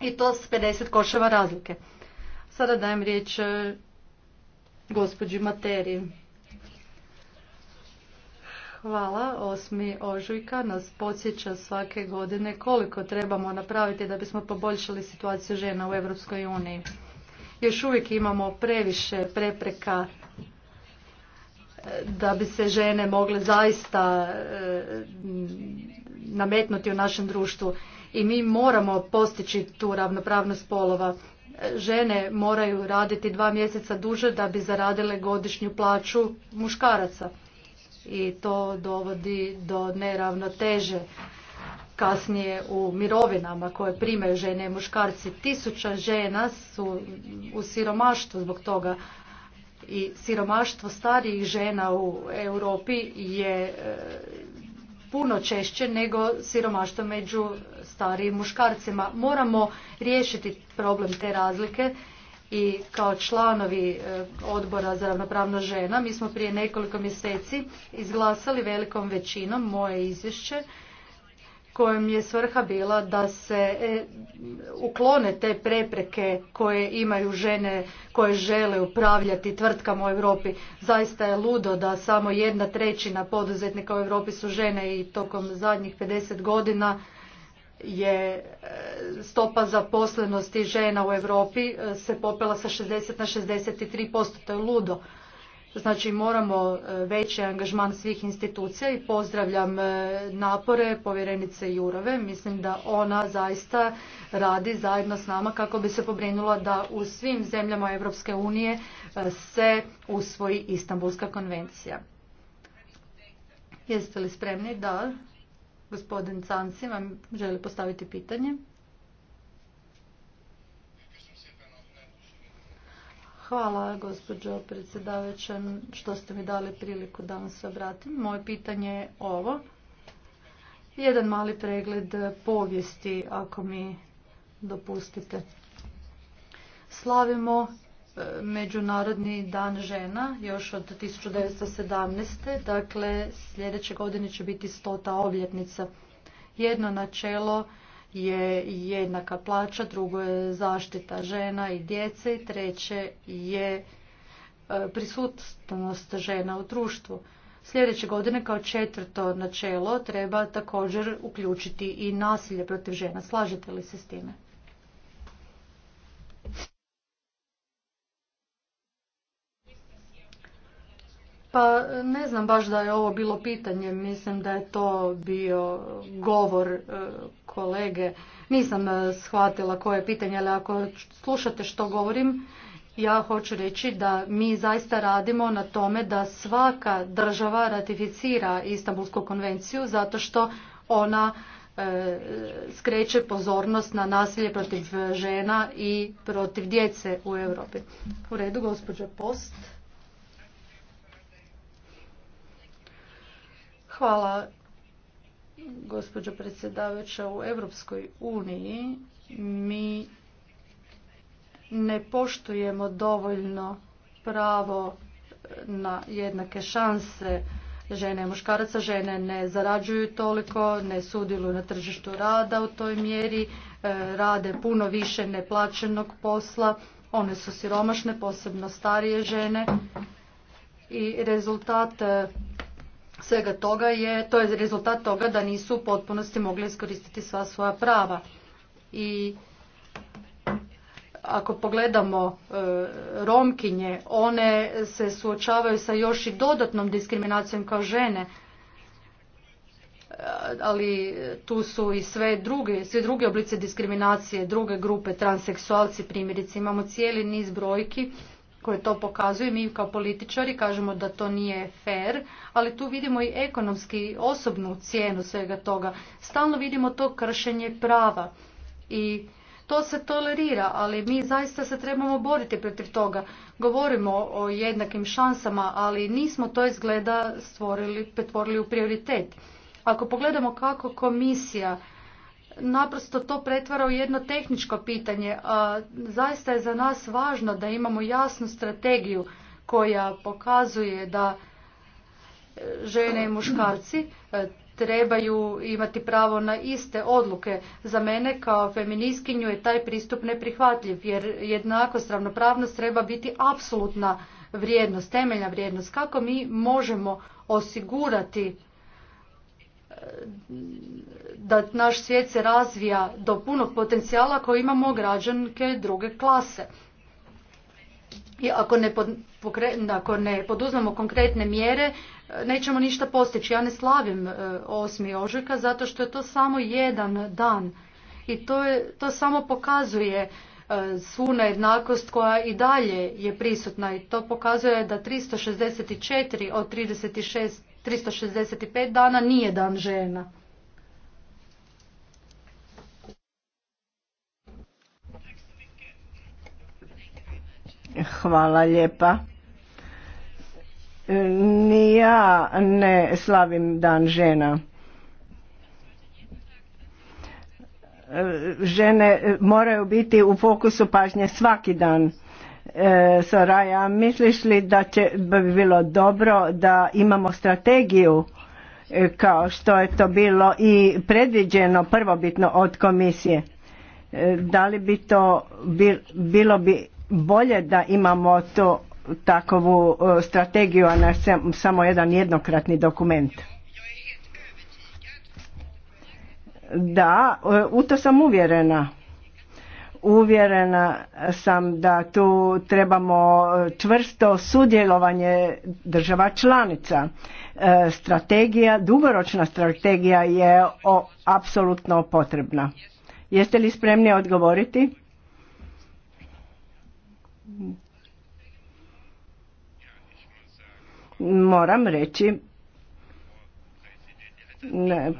i to s 50 koševa razlike. Sada dajem riječ eh, gospođi Materi. Hvala. 8. ožujka nas podsjeća svake godine koliko trebamo napraviti da bismo poboljšali situaciju žena u Europskoj uniji. Još uvijek imamo previše prepreka e, da bi se žene mogle zaista e, nametnuti u našem društvu i mi moramo postići tu ravnopravnost polova. Žene moraju raditi dva mjeseca duže da bi zaradile godišnju plaću muškaraca i to dovodi do neravnoteže kasnije u mirovinama koje primaju žene i muškarci. Tisuća žena su u siromaštvu zbog toga i siromaštvo starijih žena u Europi je e, puno češće nego siromaštvo među starijim muškarcima. Moramo riješiti problem te razlike i kao članovi e, odbora za ravnopravno žena mi smo prije nekoliko mjeseci izglasali velikom većinom moje izvješće kojem je svrha bila da se e, uklone te prepreke koje imaju žene koje žele upravljati tvrtkama u Europi. Zaista je ludo da samo jedna trećina poduzetnika u Europi su žene i tokom zadnjih 50 godina je e, stopa zaposlenosti žena u Europi e, se popela sa 60 na 63%. To je ludo. Znači moramo e, veći angažman svih institucija i pozdravljam napore povjerenice Jurove. Mislim da ona zaista radi zajedno s nama kako bi se pobrinula da u svim zemljama Europske unije se usvoji Istanbulska konvencija. Jeste li spremni? Da. Gospodin Canci vam želi postaviti pitanje. Hvala gospođo predsjedavajuća što ste mi dali priliku da vam se obratim. Moje pitanje je ovo. Jedan mali pregled povijesti, ako mi dopustite. Slavimo Međunarodni dan žena još od 1917. Dakle, sljedeće godine će biti stota obljetnica. Jedno načelo je jednaka plaća, drugo je zaštita žena i djece i treće je e, prisutnost žena u društvu. Sljedeće godine kao četvrto načelo treba također uključiti i nasilje protiv žena. Slažete li se s time? Pa ne znam baš da je ovo bilo pitanje, mislim da je to bio govor e, kolege. Nisam e, shvatila koje je pitanje, ali ako slušate što govorim, ja hoću reći da mi zaista radimo na tome da svaka država ratificira Istanbulsku konvenciju zato što ona e, skreće pozornost na nasilje protiv žena i protiv djece u Europi. U redu, gospođa Post. Hvala, gospođo predsjedavajuća. U Europskoj uniji mi ne poštujemo dovoljno pravo na jednake šanse žene i muškaraca. Žene ne zarađuju toliko, ne sudjeluju na tržištu rada u toj mjeri, e, rade puno više neplaćenog posla, one su siromašne, posebno starije žene i rezultat e, svega toga je, to je rezultat toga da nisu u potpunosti mogli iskoristiti sva svoja prava. I ako pogledamo e, romkinje, one se suočavaju sa još i dodatnom diskriminacijom kao žene, e, ali tu su i sve druge, sve druge oblice diskriminacije, druge grupe, transseksualci primjerice. Imamo cijeli niz brojki koje to pokazuje. Mi kao političari kažemo da to nije fair, ali tu vidimo i ekonomski osobnu cijenu svega toga. Stalno vidimo to kršenje prava i to se tolerira, ali mi zaista se trebamo boriti protiv toga. Govorimo o jednakim šansama, ali nismo to izgleda stvorili, pretvorili u prioritet. Ako pogledamo kako komisija naprosto to pretvara u jedno tehničko pitanje. A, zaista je za nas važno da imamo jasnu strategiju koja pokazuje da e, žene i muškarci e, trebaju imati pravo na iste odluke. Za mene kao feministkinju je taj pristup neprihvatljiv jer jednakost, ravnopravnost treba biti apsolutna vrijednost, temeljna vrijednost. Kako mi možemo osigurati da naš svijet se razvija do punog potencijala ako imamo građanke druge klase. I ako ne, ne poduzmemo konkretne mjere, e, nećemo ništa postići. Ja ne slavim 8. E, ožujka zato što je to samo jedan dan. I to, je, to samo pokazuje e, svu nejednakost koja i dalje je prisutna i to pokazuje da 364 od 36 365 dana nije dan žena. Hvala lijepa. Ni ja ne slavim dan žena. Žene moraju biti u fokusu pažnje svaki dan E, Soraja, misliš li da će bi bilo dobro da imamo strategiju e, kao što je to bilo i predviđeno prvobitno od komisije? E, da li bi to bilo bi bolje da imamo to takovu strategiju, a ne samo jedan jednokratni dokument? Da, u to sam uvjerena uvjerena sam da tu trebamo e, čvrsto sudjelovanje država članica. E, strategija, dugoročna strategija je apsolutno potrebna. Jeste li spremni odgovoriti? Moram reći ne,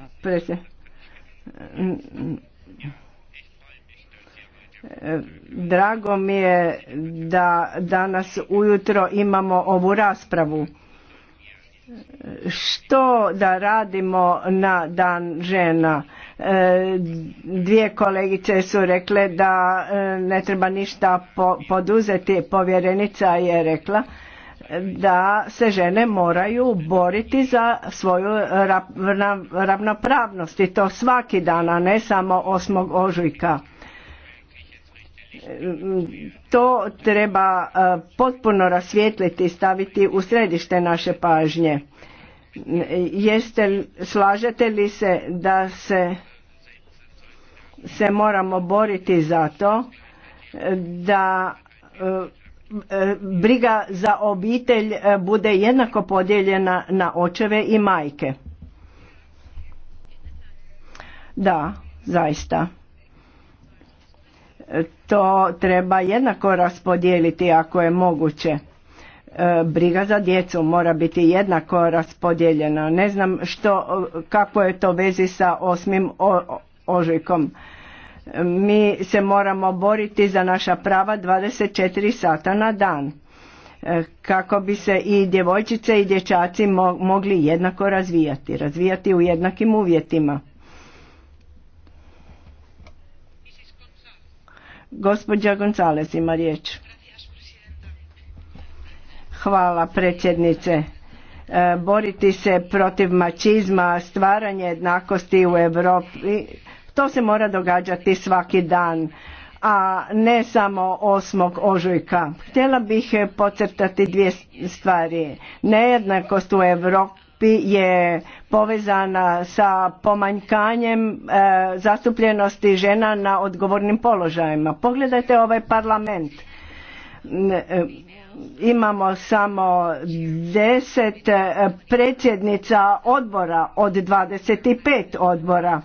Drago mi je da danas ujutro imamo ovu raspravu. Što da radimo na dan žena? E, dvije kolegice su rekle da e, ne treba ništa poduzeti. Povjerenica je rekla da se žene moraju boriti za svoju ravnopravnost i to svaki dan, a ne samo 8. ožujka to treba e, potpuno rasvijetliti i staviti u središte naše pažnje. Jeste, slažete li se da se, se moramo boriti za to da e, e, briga za obitelj bude jednako podijeljena na očeve i majke? Da, zaista to treba jednako raspodijeliti ako je moguće. E, briga za djecu mora biti jednako raspodijeljena. Ne znam što, kako je to vezi sa osmim ožujkom. Mi se moramo boriti za naša prava 24 sata na dan e, kako bi se i djevojčice i dječaci mogli jednako razvijati, razvijati u jednakim uvjetima. Gospođa Gonzales ima riječ. Hvala predsjednice. E, boriti se protiv mačizma, stvaranje jednakosti u Europi, to se mora događati svaki dan, a ne samo 8. ožujka. Htjela bih podcrtati dvije stvari. Nejednakost u Europi je povezana sa pomanjkanjem e, zastupljenosti žena na odgovornim položajima. Pogledajte ovaj parlament. E, imamo samo deset e, predsjednica odbora od 25 odbora.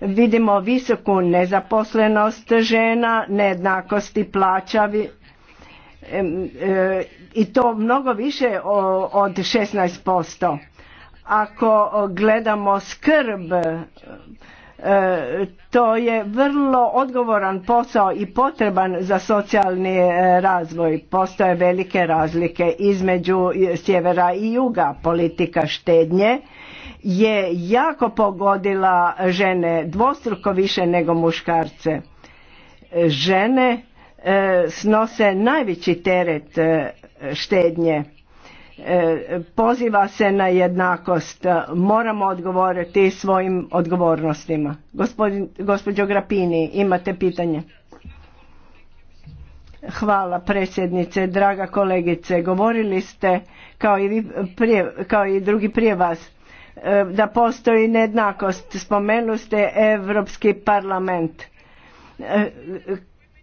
Vidimo visoku nezaposlenost žena, nejednakosti plaćavi, i to mnogo više od 16%. Ako gledamo skrb, e, to je vrlo odgovoran posao i potreban za socijalni e, razvoj. Postoje velike razlike između sjevera i juga. Politika štednje je jako pogodila žene dvostruko više nego muškarce. Žene e, snose najveći teret štednje E, poziva se na jednakost. Moramo odgovoriti svojim odgovornostima. Gospodin, gospođo Grapini, imate pitanje? Hvala predsjednice, draga kolegice. Govorili ste, kao i, prije, kao i drugi prije vas, e, da postoji nejednakost. Spomenuli ste Europski parlament. E,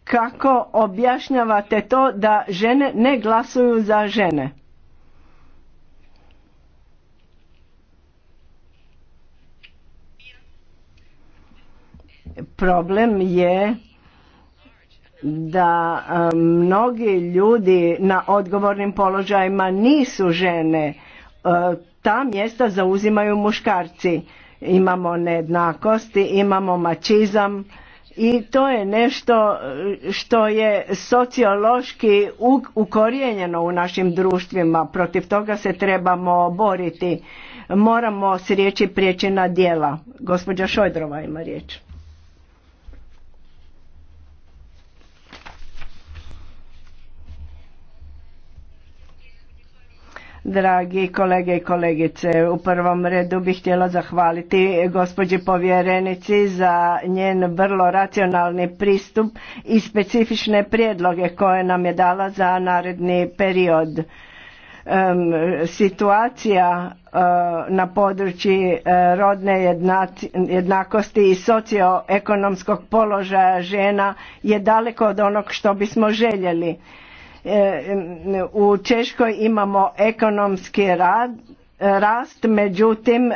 kako objašnjavate to da žene ne glasuju za žene? Problem je da e, mnogi ljudi na odgovornim položajima nisu žene. E, ta mjesta zauzimaju muškarci. Imamo nejednakosti, imamo mačizam i to je nešto e, što je sociološki ukorijenjeno u našim društvima. Protiv toga se trebamo boriti. Moramo s riječi prijeći na dijela. Gospođa Šojdrova ima riječ. Dragi kolege i kolegice, u prvom redu bih htjela zahvaliti gospođi povjerenici za njen vrlo racionalni pristup i specifične prijedloge koje nam je dala za naredni period. situacija e, na području e, rodne jednakosti i socioekonomskog položaja žena je daleko od onog što bismo željeli u Češkoj imamo ekonomski rad, rast, međutim e,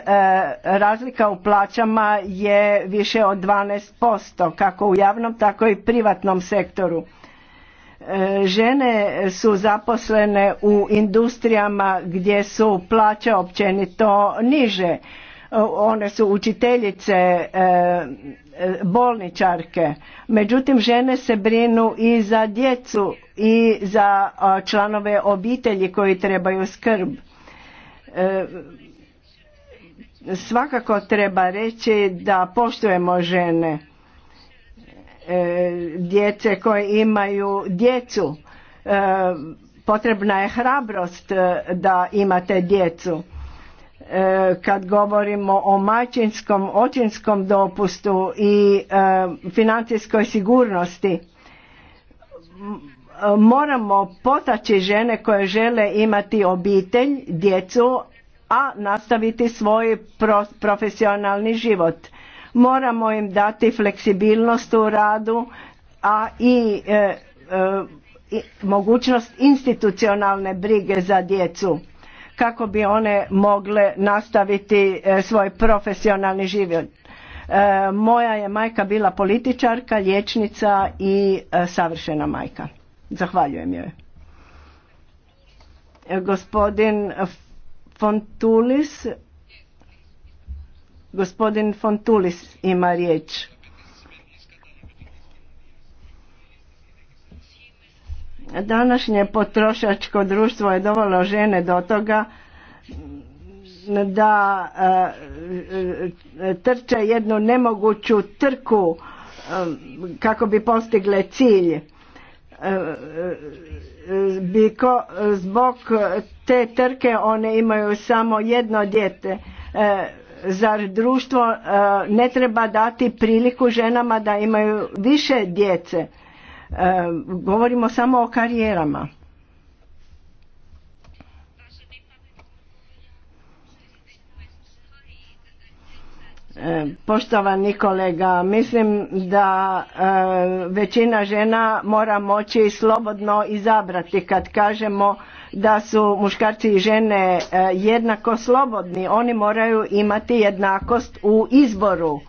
razlika u plaćama je više od 12%, kako u javnom, tako i privatnom sektoru. E, žene su zaposlene u industrijama gdje su plaće općenito niže one su učiteljice, e, bolničarke. Međutim, žene se brinu i za djecu i za članove obitelji koji trebaju skrb. E, svakako treba reći da poštujemo žene, e, djece koje imaju djecu. Potrebna je hrabrost da imate djecu E, kad govorimo o majčinskom, očinskom dopustu i e, financijskoj sigurnosti moramo potaći žene koje žele imati obitelj, djecu, a nastaviti svoj profesionalni život. Moramo im dati fleksibilnost u radu, a i, e, i mogućnost institucionalne brige za djecu kako bi one mogle nastaviti e, svoj profesionalni život. E, moja je majka bila političarka, liječnica i e, savršena majka. Zahvaljujem joj. Gospodin Fontulis, gospodin Fontulis ima riječ. Današnje potrošačko društvo je dovelo žene do toga da e, e, trče jednu nemoguću trku e, kako bi postigle cilj zbog te trke one imaju samo jedno dijete zar društvo ne treba dati priliku ženama da imaju više djece E, govorimo samo o karijerama. E, poštovani kolega, mislim da e, većina žena mora moći slobodno izabrati kad kažemo da su muškarci i žene jednako slobodni, oni moraju imati jednakost u izboru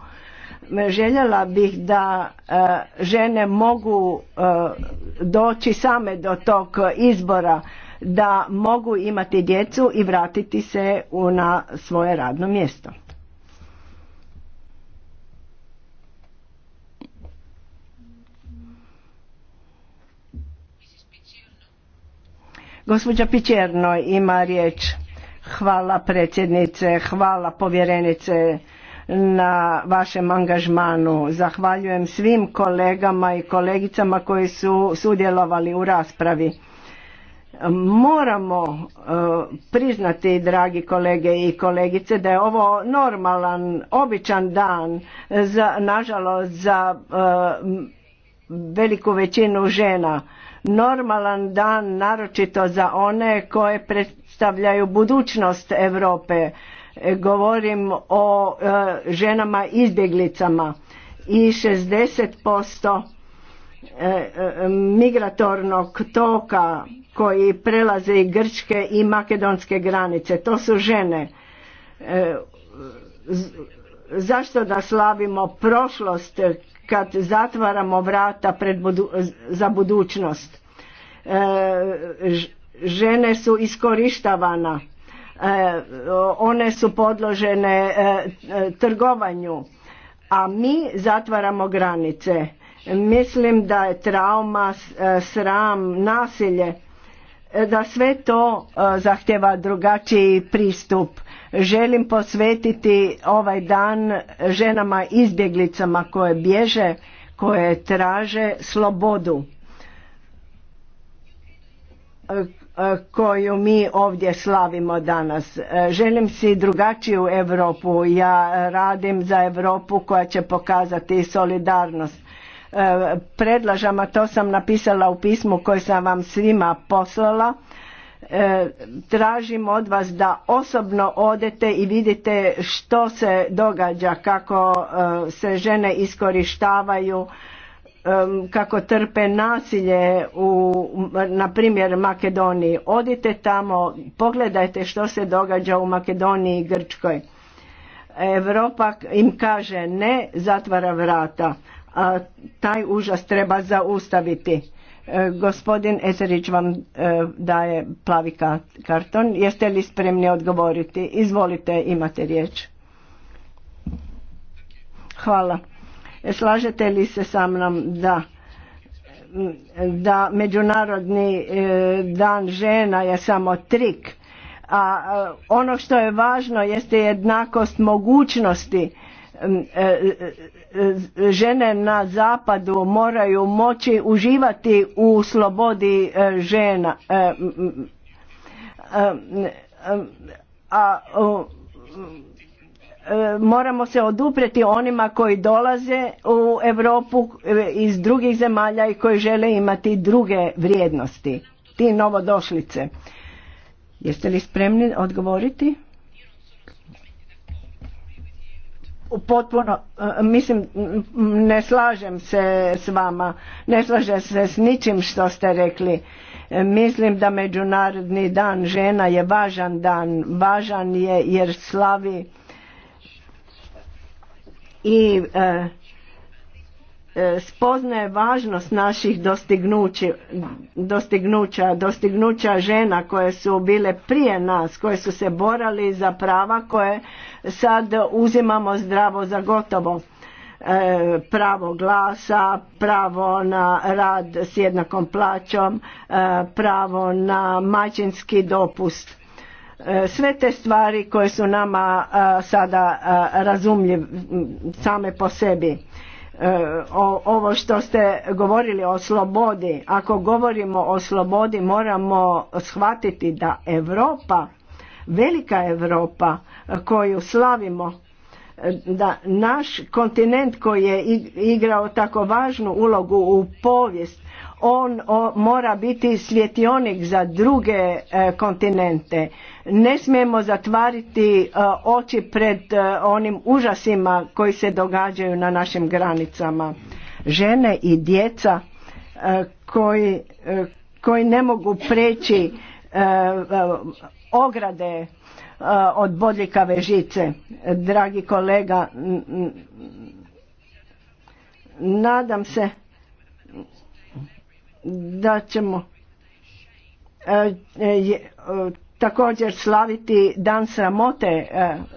Željela bih da e, žene mogu e, doći same do tog izbora, da mogu imati djecu i vratiti se na svoje radno mjesto. Gospođa Pičerno ima riječ. Hvala predsjednice, hvala povjerenice na vašem angažmanu. Zahvaljujem svim kolegama i kolegicama koji su sudjelovali u raspravi. Moramo e, priznati, dragi kolege i kolegice, da je ovo normalan, običan dan, nažalost, za e, veliku većinu žena. Normalan dan, naročito za one koje predstavljaju budućnost Europe Govorim o e, ženama izbjeglicama i 60% e, e, migratornog toka koji prelaze i grčke i makedonske granice. To su žene. Zašto da slavimo prošlost kad zatvaramo vrata za budućnost? Žene su iskorištavana Eh, one su podložene eh, trgovanju a mi zatvaramo granice mislim da je trauma eh, sram nasilje da sve to zahtjeva drugačiji pristup želim posvetiti ovaj dan ženama izbjeglicama koje bježe koje traže slobodu E, koju mi ovdje slavimo danas. E, želim si drugačiju Europu. Ja radim za Europu koja će pokazati solidarnost. E, Predlažam, a to sam napisala u pismu koje sam vam svima poslala, tražim od vas da osobno odete i vidite što se događa, kako se žene iskorištavaju, Um, kako trpe nasilje u na primjer Makedoniji odite tamo pogledajte što se događa u Makedoniji i Grčkoj Europa im kaže ne zatvara vrata a taj užas treba zaustaviti e, gospodin Ezerić vam e, daje plavi karton jeste li spremni odgovoriti izvolite imate riječ hvala Slažete li se sa mnom da da međunarodni e, dan žena je samo trik, a e, ono što je važno jeste jednakost mogućnosti e, žene na zapadu moraju moći uživati u slobodi žena E, moramo se oduprijeti onima koji dolaze u Europu e, iz drugih zemalja i koji žele imati druge vrijednosti, ti novodošlice. Jeste li spremni odgovoriti? Potpuno, e, mislim, ne slažem se s vama, ne slažem se s ničim što ste rekli. Mislim da Međunarodni dan žena je važan dan, važan je jer slavi i e, e, spoznaje važnost naših dostignuća, dostignuća, žena koje su bile prije nas, koje su se borali za prava koje sad uzimamo zdravo za gotovo. E, pravo glasa, pravo na rad s jednakom plaćom, pravo na majčinski dopust E, sve te stvari koje su nama e, sada e, razumljive same po sebi. O, ovo što ste govorili o slobodi, ako govorimo o slobodi moramo shvatiti da Europa, velika Europa koju slavimo, da naš kontinent koji je igrao tako važnu ulogu u povijest, on mora biti svjetionik za druge e, kontinente. Ne smijemo zatvariti e, oči pred e, onim užasima koji se događaju na našim granicama. Žene i djeca koji, koji ne mogu preći ograde od bodljikave žice. Dragi kolega, nadam se da ćemo e, e, e, također slaviti dan sramote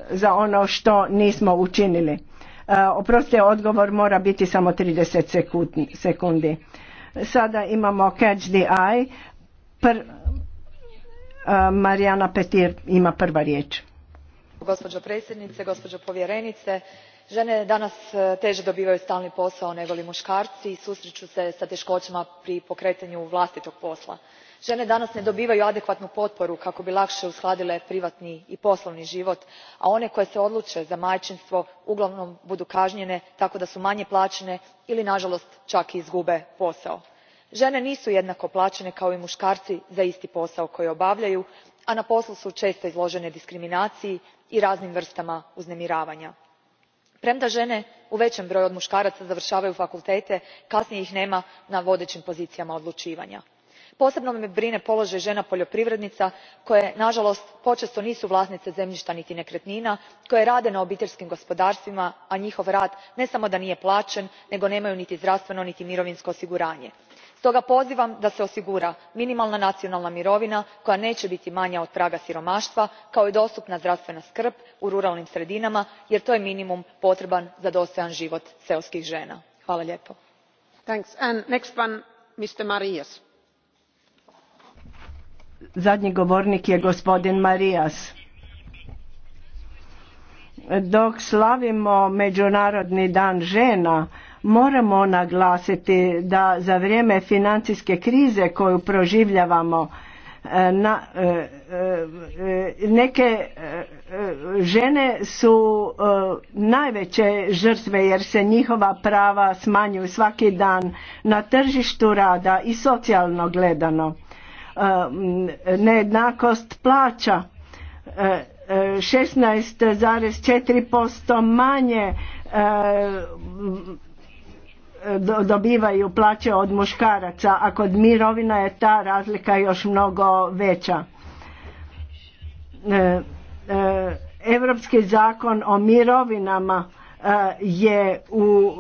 za ono što nismo učinili. Oprostite, odgovor mora biti samo 30 sekundi. Sada imamo Catch the Eye. Marijana Petir ima prva riječ. Gospođo predsjednice, gospođo povjerenice, Žene danas e, teže dobivaju stalni posao nego li mukarci i susreu se sa teškoćama pri pokretanju vlastitog posla. Žene danas ne dobivaju adekvatnu potporu kako bi lakše uskladile privatni i poslovni život, a one koje se odluče za majčinstvo uglavnom budu kažnjene tako da su manje plaćene ili nažalost, čak i izgube posao. Žene nisu jednako plaćene kao i mukarci za isti posao koji obavljaju a na poslu su često izložene diskriminaciji i raznim vrstama uznemiravanja premda žene u većem broju od muškaraca završavaju fakultete kasnije ih nema na vodećim pozicijama odlučivanja. posebno me brine položaj žena poljoprivrednica koje nažalost, počesto nisu vlasnice zemljišta niti nekretnina koje rade na obiteljskim gospodarstvima a njihov rad ne samo da nije plaćen, nego nemaju niti zdravstveno niti mirovinsko osiguranje. Toga pozivam da se osigura minimalna nacionalna mirovina koja neće biti manja od praga siromaštva kao i dostupna zdravstvena skrb u ruralnim sredinama jer to je minimum potreban za dostojan život seoskih žena. je gospodin dok slavimo međunarodni dan žena Moramo naglasiti da za vrijeme financijske krize koju proživljavamo e, na, e, e, neke žene su najveće žrtve jer se njihova prava smanjuju svaki dan na tržištu rada i socijalno gledano. Nejednakost plaća 16,4% manje dobivaju plaće od muškaraca, a kod mirovina je ta razlika još mnogo veća. E, e, Europski zakon o mirovinama e, je u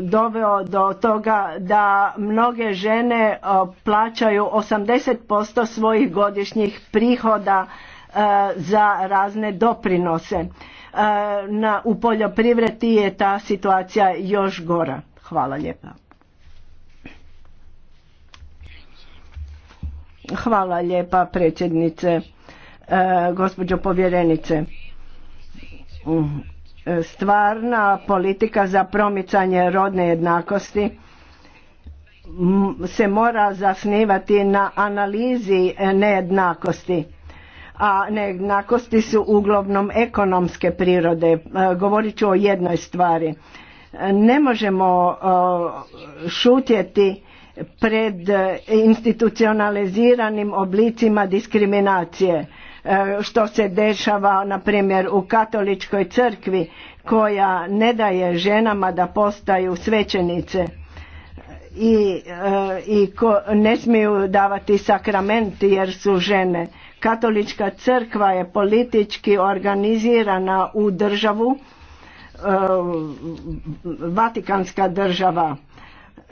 doveo do toga da mnoge žene plaćaju 80% svojih godišnjih prihoda za razne doprinose na, u poljoprivredi je ta situacija još gora. Hvala lijepa. Hvala lijepa predsjednice, gospođo povjerenice. Stvarna politika za promicanje rodne jednakosti se mora zasnivati na analizi nejednakosti a nejednakosti su uglavnom ekonomske prirode. E, govorit ću o jednoj stvari. Ne možemo e, šutjeti pred institucionaliziranim oblicima diskriminacije e, što se dešava na primjer u katoličkoj crkvi koja ne daje ženama da postaju svećenice i, ne smiju davati sakramenti jer su žene Katolička crkva je politički organizirana u državu, e, Vatikanska država.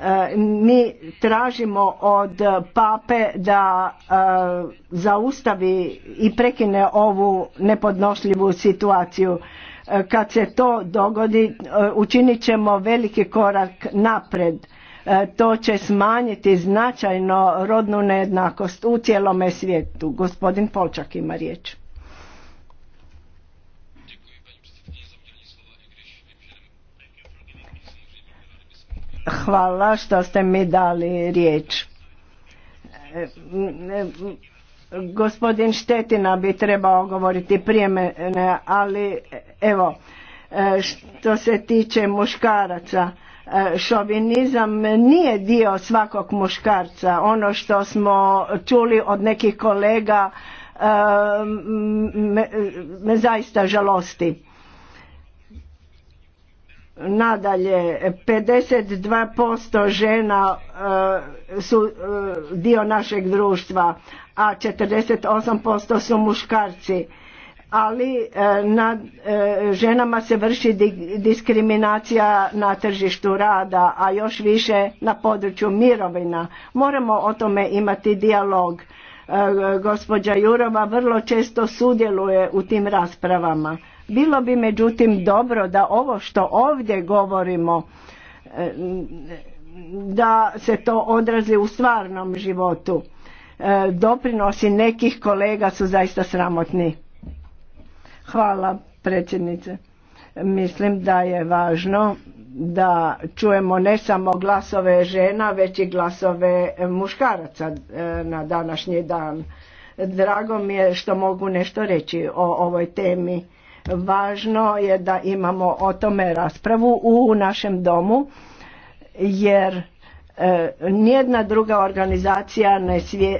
E, mi tražimo od pape da e, zaustavi i prekine ovu nepodnošljivu situaciju. Kad se to dogodi, učinit ćemo veliki korak napred E, to će smanjiti značajno rodnu nejednakost u cijelome svijetu. Gospodin Polčak ima riječ. Hvala što ste mi dali riječ. E, gospodin Štetina bi trebao govoriti prije mene, ali evo, e, što se tiče muškaraca, šovinizam nije dio svakog muškarca. Ono što smo čuli od nekih kolega e, me, zaista žalosti. Nadalje, 52% žena e, su e, dio našeg društva, a 48% su muškarci ali e, nad e, ženama se vrši diskriminacija na tržištu rada, a još više na području mirovina. Moramo o tome imati dijalog. E, gospođa Jurova vrlo često sudjeluje u tim raspravama. Bilo bi međutim dobro da ovo što ovdje govorimo da se to odrazi u stvarnom životu. Doprinosi nekih kolega su zaista sramotni. Hvala predsjednice. Mislim da je važno da čujemo ne samo glasove žena, već i glasove muškaraca e, na današnji dan. Drago mi je što mogu nešto reći o ovoj temi. Važno je da imamo o tome raspravu u našem domu, jer E, nijedna druga organizacija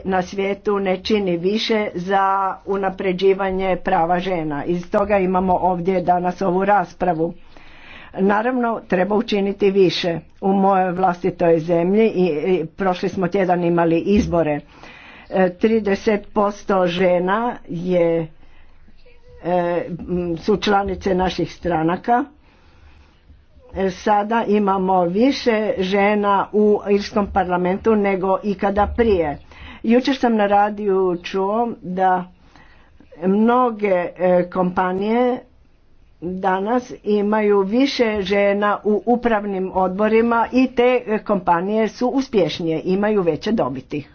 na svijetu ne čini više za unapređivanje prava žena. Iz toga imamo ovdje danas ovu raspravu. Naravno, treba učiniti više. U mojoj vlastitoj zemlji i prošli smo tjedan imali izbore. 30% e, žena je, e, su članice naših stranaka Sada imamo više žena u Irskom parlamentu nego ikada prije. Jučer sam na radiju čuo da mnoge e, kompanije danas imaju više žena u upravnim odborima i te kompanije su uspješnije, imaju veće dobiti.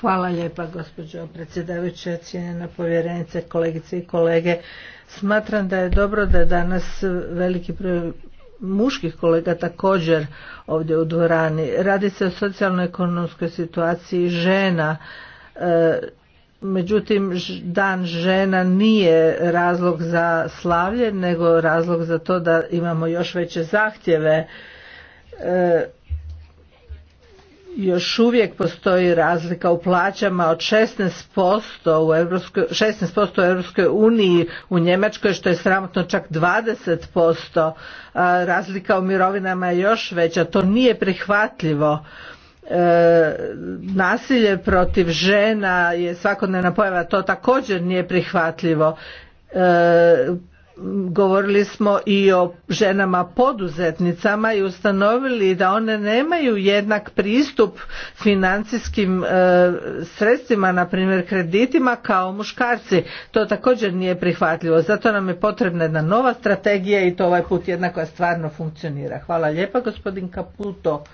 Hvala lijepa gospođo predsjedavajuća, cijenjena povjerenice, kolegice i kolege. Smatram da je dobro da danas veliki broj muških kolega također ovdje u dvorani. Radi se o socijalno-ekonomskoj situaciji žena. E, međutim, dan žena nije razlog za slavlje, nego razlog za to da imamo još veće zahtjeve e, još uvijek postoji razlika u plaćama od 16% u Evropskoj, u Europskoj uniji, u Njemačkoj što je sramotno čak 20%, razlika u mirovinama je još veća, to nije prihvatljivo. E, nasilje protiv žena je svakodnevna pojava, to također nije prihvatljivo. E, govorili smo i o ženama poduzetnicama i ustanovili da one nemaju jednak pristup financijskim e, sredstvima na primjer kreditima kao muškarci to također nije prihvatljivo zato nam je potrebna jedna nova strategija i to ovaj put jednako koja stvarno funkcionira hvala lijepa gospodin Kaputo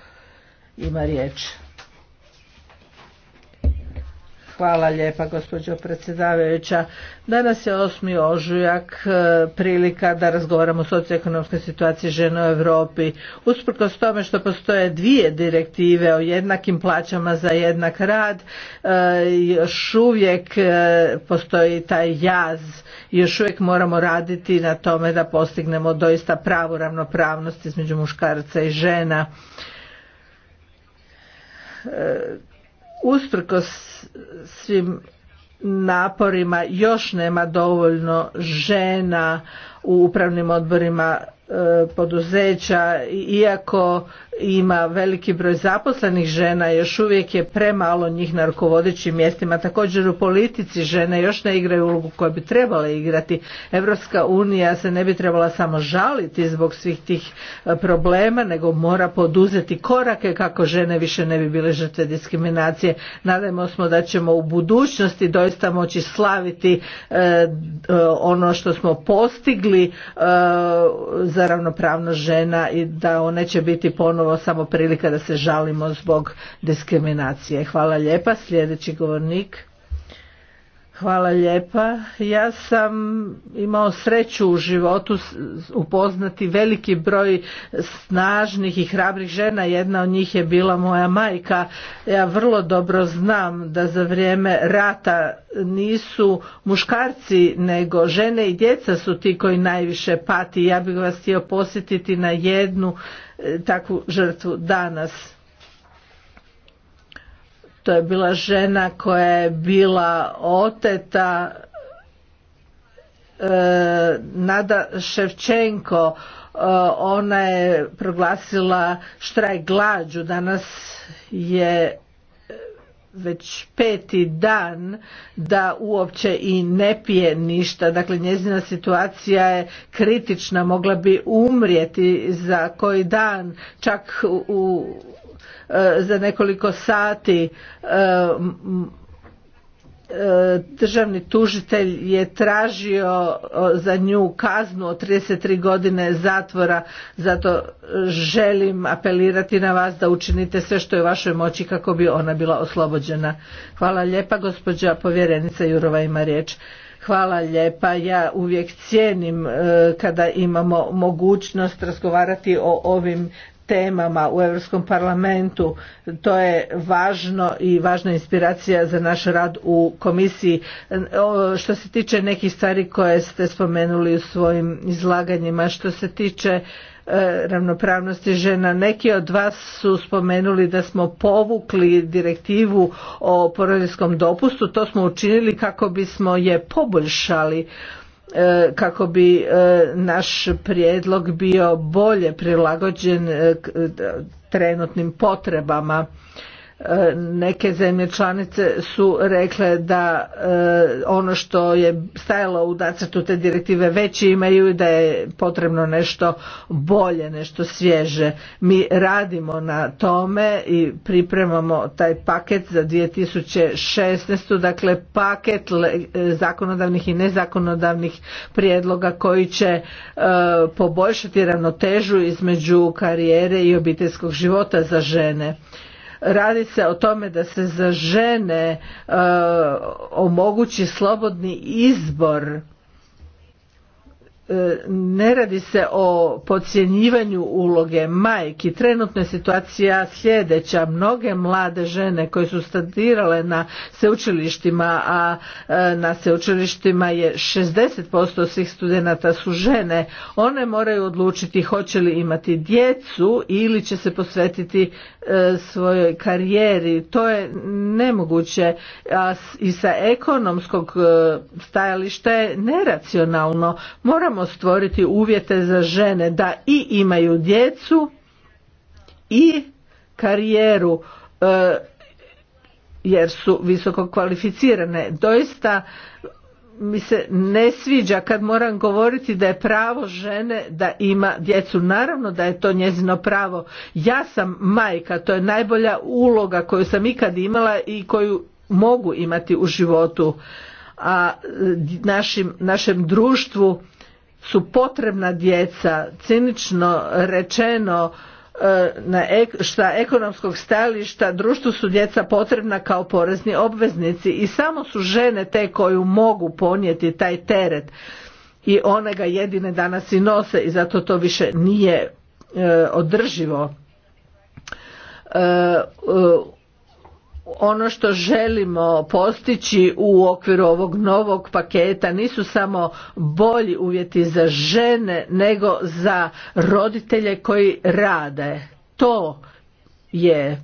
ima riječ Hvala lijepa gospođo predsjedavajuća. Danas je osmi ožujak e, prilika da razgovaramo o socioekonomskoj situaciji žena u Europi. Usprkos tome što postoje dvije direktive o jednakim plaćama za jednak rad, e, još uvijek e, postoji taj jaz i još uvijek moramo raditi na tome da postignemo doista pravu ravnopravnost između muškarca i žena usprkos svim naporima još nema dovoljno žena u upravnim odborima e, poduzeća iako ima veliki broj zaposlenih žena, još uvijek je premalo njih na rukovodećim mjestima. Također u politici žene još ne igraju ulogu koju bi trebale igrati. Europska unija se ne bi trebala samo žaliti zbog svih tih e, problema, nego mora poduzeti korake kako žene više ne bi bile žrtve diskriminacije. Nadajmo smo da ćemo u budućnosti doista moći slaviti e, e, ono što smo postigli za ravnopravnost žena i da one će biti ponovno ovo samo prilika da se žalimo zbog diskriminacije. Hvala lijepa. Sljedeći govornik. Hvala lijepa. Ja sam imao sreću u životu upoznati veliki broj snažnih i hrabrih žena. Jedna od njih je bila moja majka. Ja vrlo dobro znam da za vrijeme rata nisu muškarci nego žene i djeca su ti koji najviše pati. Ja bih vas htio posjetiti na jednu E, takvu žrtvu danas. To je bila žena koja je bila oteta e, Nada Ševčenko e, ona je proglasila štrajk glađu danas je već peti dan da uopće i ne pije ništa. Dakle, njezina situacija je kritična, mogla bi umrijeti za koji dan, čak u, e, za nekoliko sati. E, E, državni tužitelj je tražio e, za nju kaznu od 33 godine zatvora zato e, želim apelirati na vas da učinite sve što je u vašoj moći kako bi ona bila oslobođena hvala lijepa gospođa povjerenica Jurova ima riječ Hvala lijepa. Ja uvijek cijenim kada imamo mogućnost razgovarati o ovim temama u Europskom parlamentu. To je važno i važna inspiracija za naš rad u komisiji. Što se tiče nekih stvari koje ste spomenuli u svojim izlaganjima, što se tiče e, ravnopravnosti žena. Neki od vas su spomenuli da smo povukli direktivu o porodinskom dopustu, to smo učinili kako bismo je poboljšali E, kako bi e, naš prijedlog bio bolje prilagođen e, trenutnim potrebama neke zemlje članice su rekle da e, ono što je stajalo u nacrtu te direktive već imaju i da je potrebno nešto bolje, nešto svježe. Mi radimo na tome i pripremamo taj paket za 2016. dakle paket e, zakonodavnih i nezakonodavnih prijedloga koji će e, poboljšati ravnotežu između karijere i obiteljskog života za žene radi se o tome da se za žene e, omogući slobodni izbor e, ne radi se o podcjenjivanju uloge majki. Trenutna je situacija sljedeća. Mnoge mlade žene koje su studirale na sveučilištima, a e, na sveučilištima je 60% svih studenata su žene, one moraju odlučiti hoće li imati djecu ili će se posvetiti E, svojoj karijeri. To je nemoguće a i sa ekonomskog e, stajališta je neracionalno. Moramo stvoriti uvjete za žene da i imaju djecu i karijeru e, jer su visoko kvalificirane. Doista mi se ne sviđa kad moram govoriti da je pravo žene da ima djecu. Naravno da je to njezino pravo. Ja sam majka, to je najbolja uloga koju sam ikad imala i koju mogu imati u životu. A našim, našem društvu su potrebna djeca. Cinično rečeno E, na, sa ekonomskog stajališta društvu su djeca potrebna kao porezni obveznici i samo su žene te koju mogu ponijeti taj teret i one ga jedine danas i nose i zato to više nije e, održivo. E, ono što želimo postići u okviru ovog novog paketa nisu samo bolji uvjeti za žene nego za roditelje koji rade to je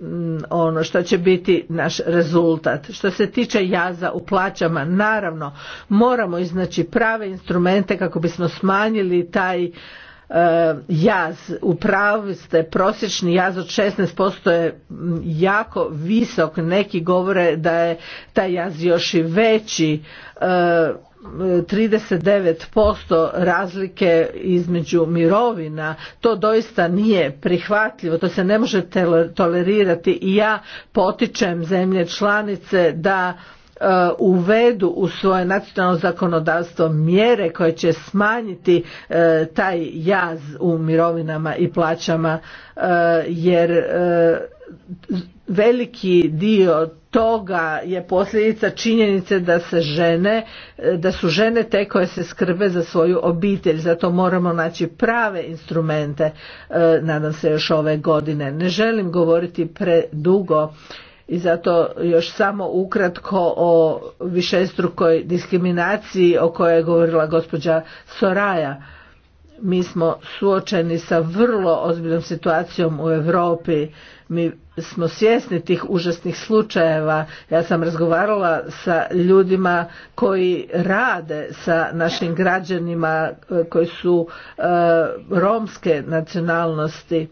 mm, ono što će biti naš rezultat. Što se tiče jaza u plaćama, naravno moramo iznaći prave instrumente kako bismo smanjili taj E, jaz. U pravu ste, prosječni jaz od 16% je jako visok. Neki govore da je taj jaz još i veći. 39% e, razlike između mirovina, to doista nije prihvatljivo, to se ne može tolerirati i ja potičem zemlje članice da E, uvedu u svoje nacionalno zakonodavstvo mjere koje će smanjiti e, taj jaz u mirovinama i plaćama e, jer veliki dio toga je posljedica činjenice da se žene da su žene te koje se skrbe za svoju obitelj zato moramo naći prave instrumente nadam se još ove godine ne želim govoriti predugo i zato još samo ukratko o višestrukoj diskriminaciji o kojoj je govorila gospođa Soraja. Mi smo suočeni sa vrlo ozbiljnom situacijom u Europi. Mi smo svjesni tih užasnih slučajeva. Ja sam razgovarala sa ljudima koji rade sa našim građanima eh, koji su eh, romske nacionalnosti.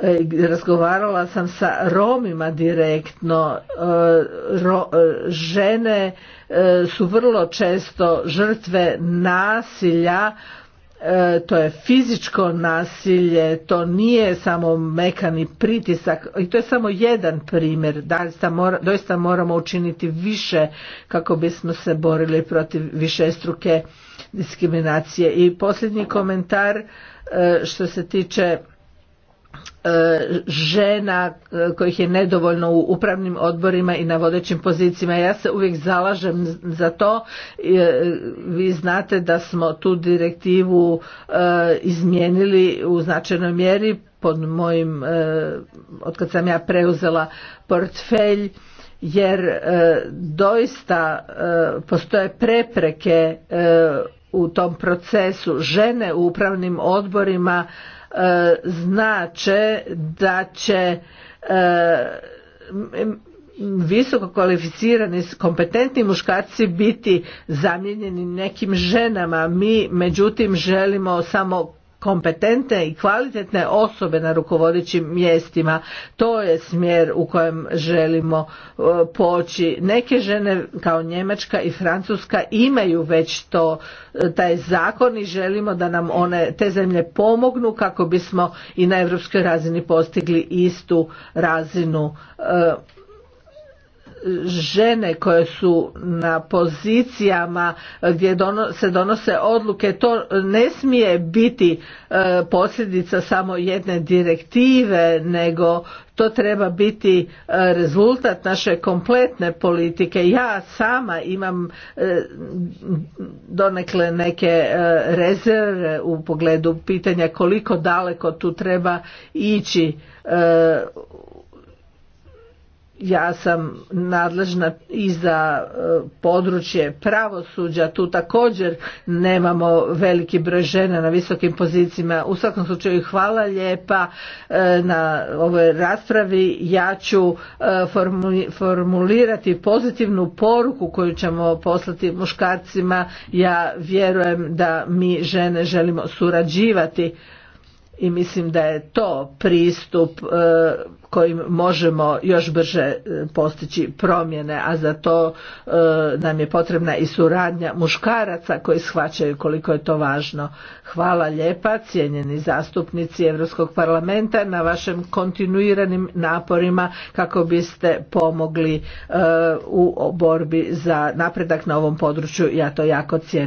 E, razgovarala sam sa Romima direktno e, e, žene su vrlo često žrtve nasilja to je fizičko nasilje, to nije samo mekani pritisak i to je samo jedan primjer. Doista moramo učiniti više kako bismo se borili protiv višestruke diskriminacije. I posljednji komentar što se tiče žena e, kojih je nedovoljno u upravnim odborima i na vodećim pozicijama. Ja se uvijek zalažem za to. E, vi znate da smo tu direktivu e, izmijenili u značajnoj mjeri pod mojim, od kad sam ja preuzela portfelj, jer doista postoje prepreke u tom procesu. Žene u upravnim odborima znače da će e, visoko kvalificirani kompetentni muškarci biti zamijenjeni nekim ženama mi međutim želimo samo kompetentne i kvalitetne osobe na rukovodećim mjestima. To je smjer u kojem želimo e, poći. Neke žene kao Njemačka i Francuska imaju već to e, taj zakon i želimo da nam one te zemlje pomognu kako bismo i na europskoj razini postigli istu razinu e, žene koje su na pozicijama gdje se donose odluke to ne smije biti e, posljedica samo jedne direktive nego to treba biti e, rezultat naše kompletne politike ja sama imam e, donekle neke rezerve u pogledu pitanja koliko daleko tu treba ići ja sam nadležna i za e, područje pravosuđa, tu također nemamo veliki broj žena na visokim pozicijama. U svakom slučaju hvala lijepa e, na ovoj raspravi. Ja ću e, formulirati pozitivnu poruku koju ćemo poslati muškarcima. Ja vjerujem da mi žene želimo surađivati i mislim da je to pristup e, kojim možemo još brže e, postići promjene, a za to e, nam je potrebna i suradnja muškaraca koji shvaćaju koliko je to važno. Hvala lijepa cijenjeni zastupnici Europskog parlamenta na vašem kontinuiranim naporima kako biste pomogli u borbi za napredak na ovom području. Ja to jako cijenim.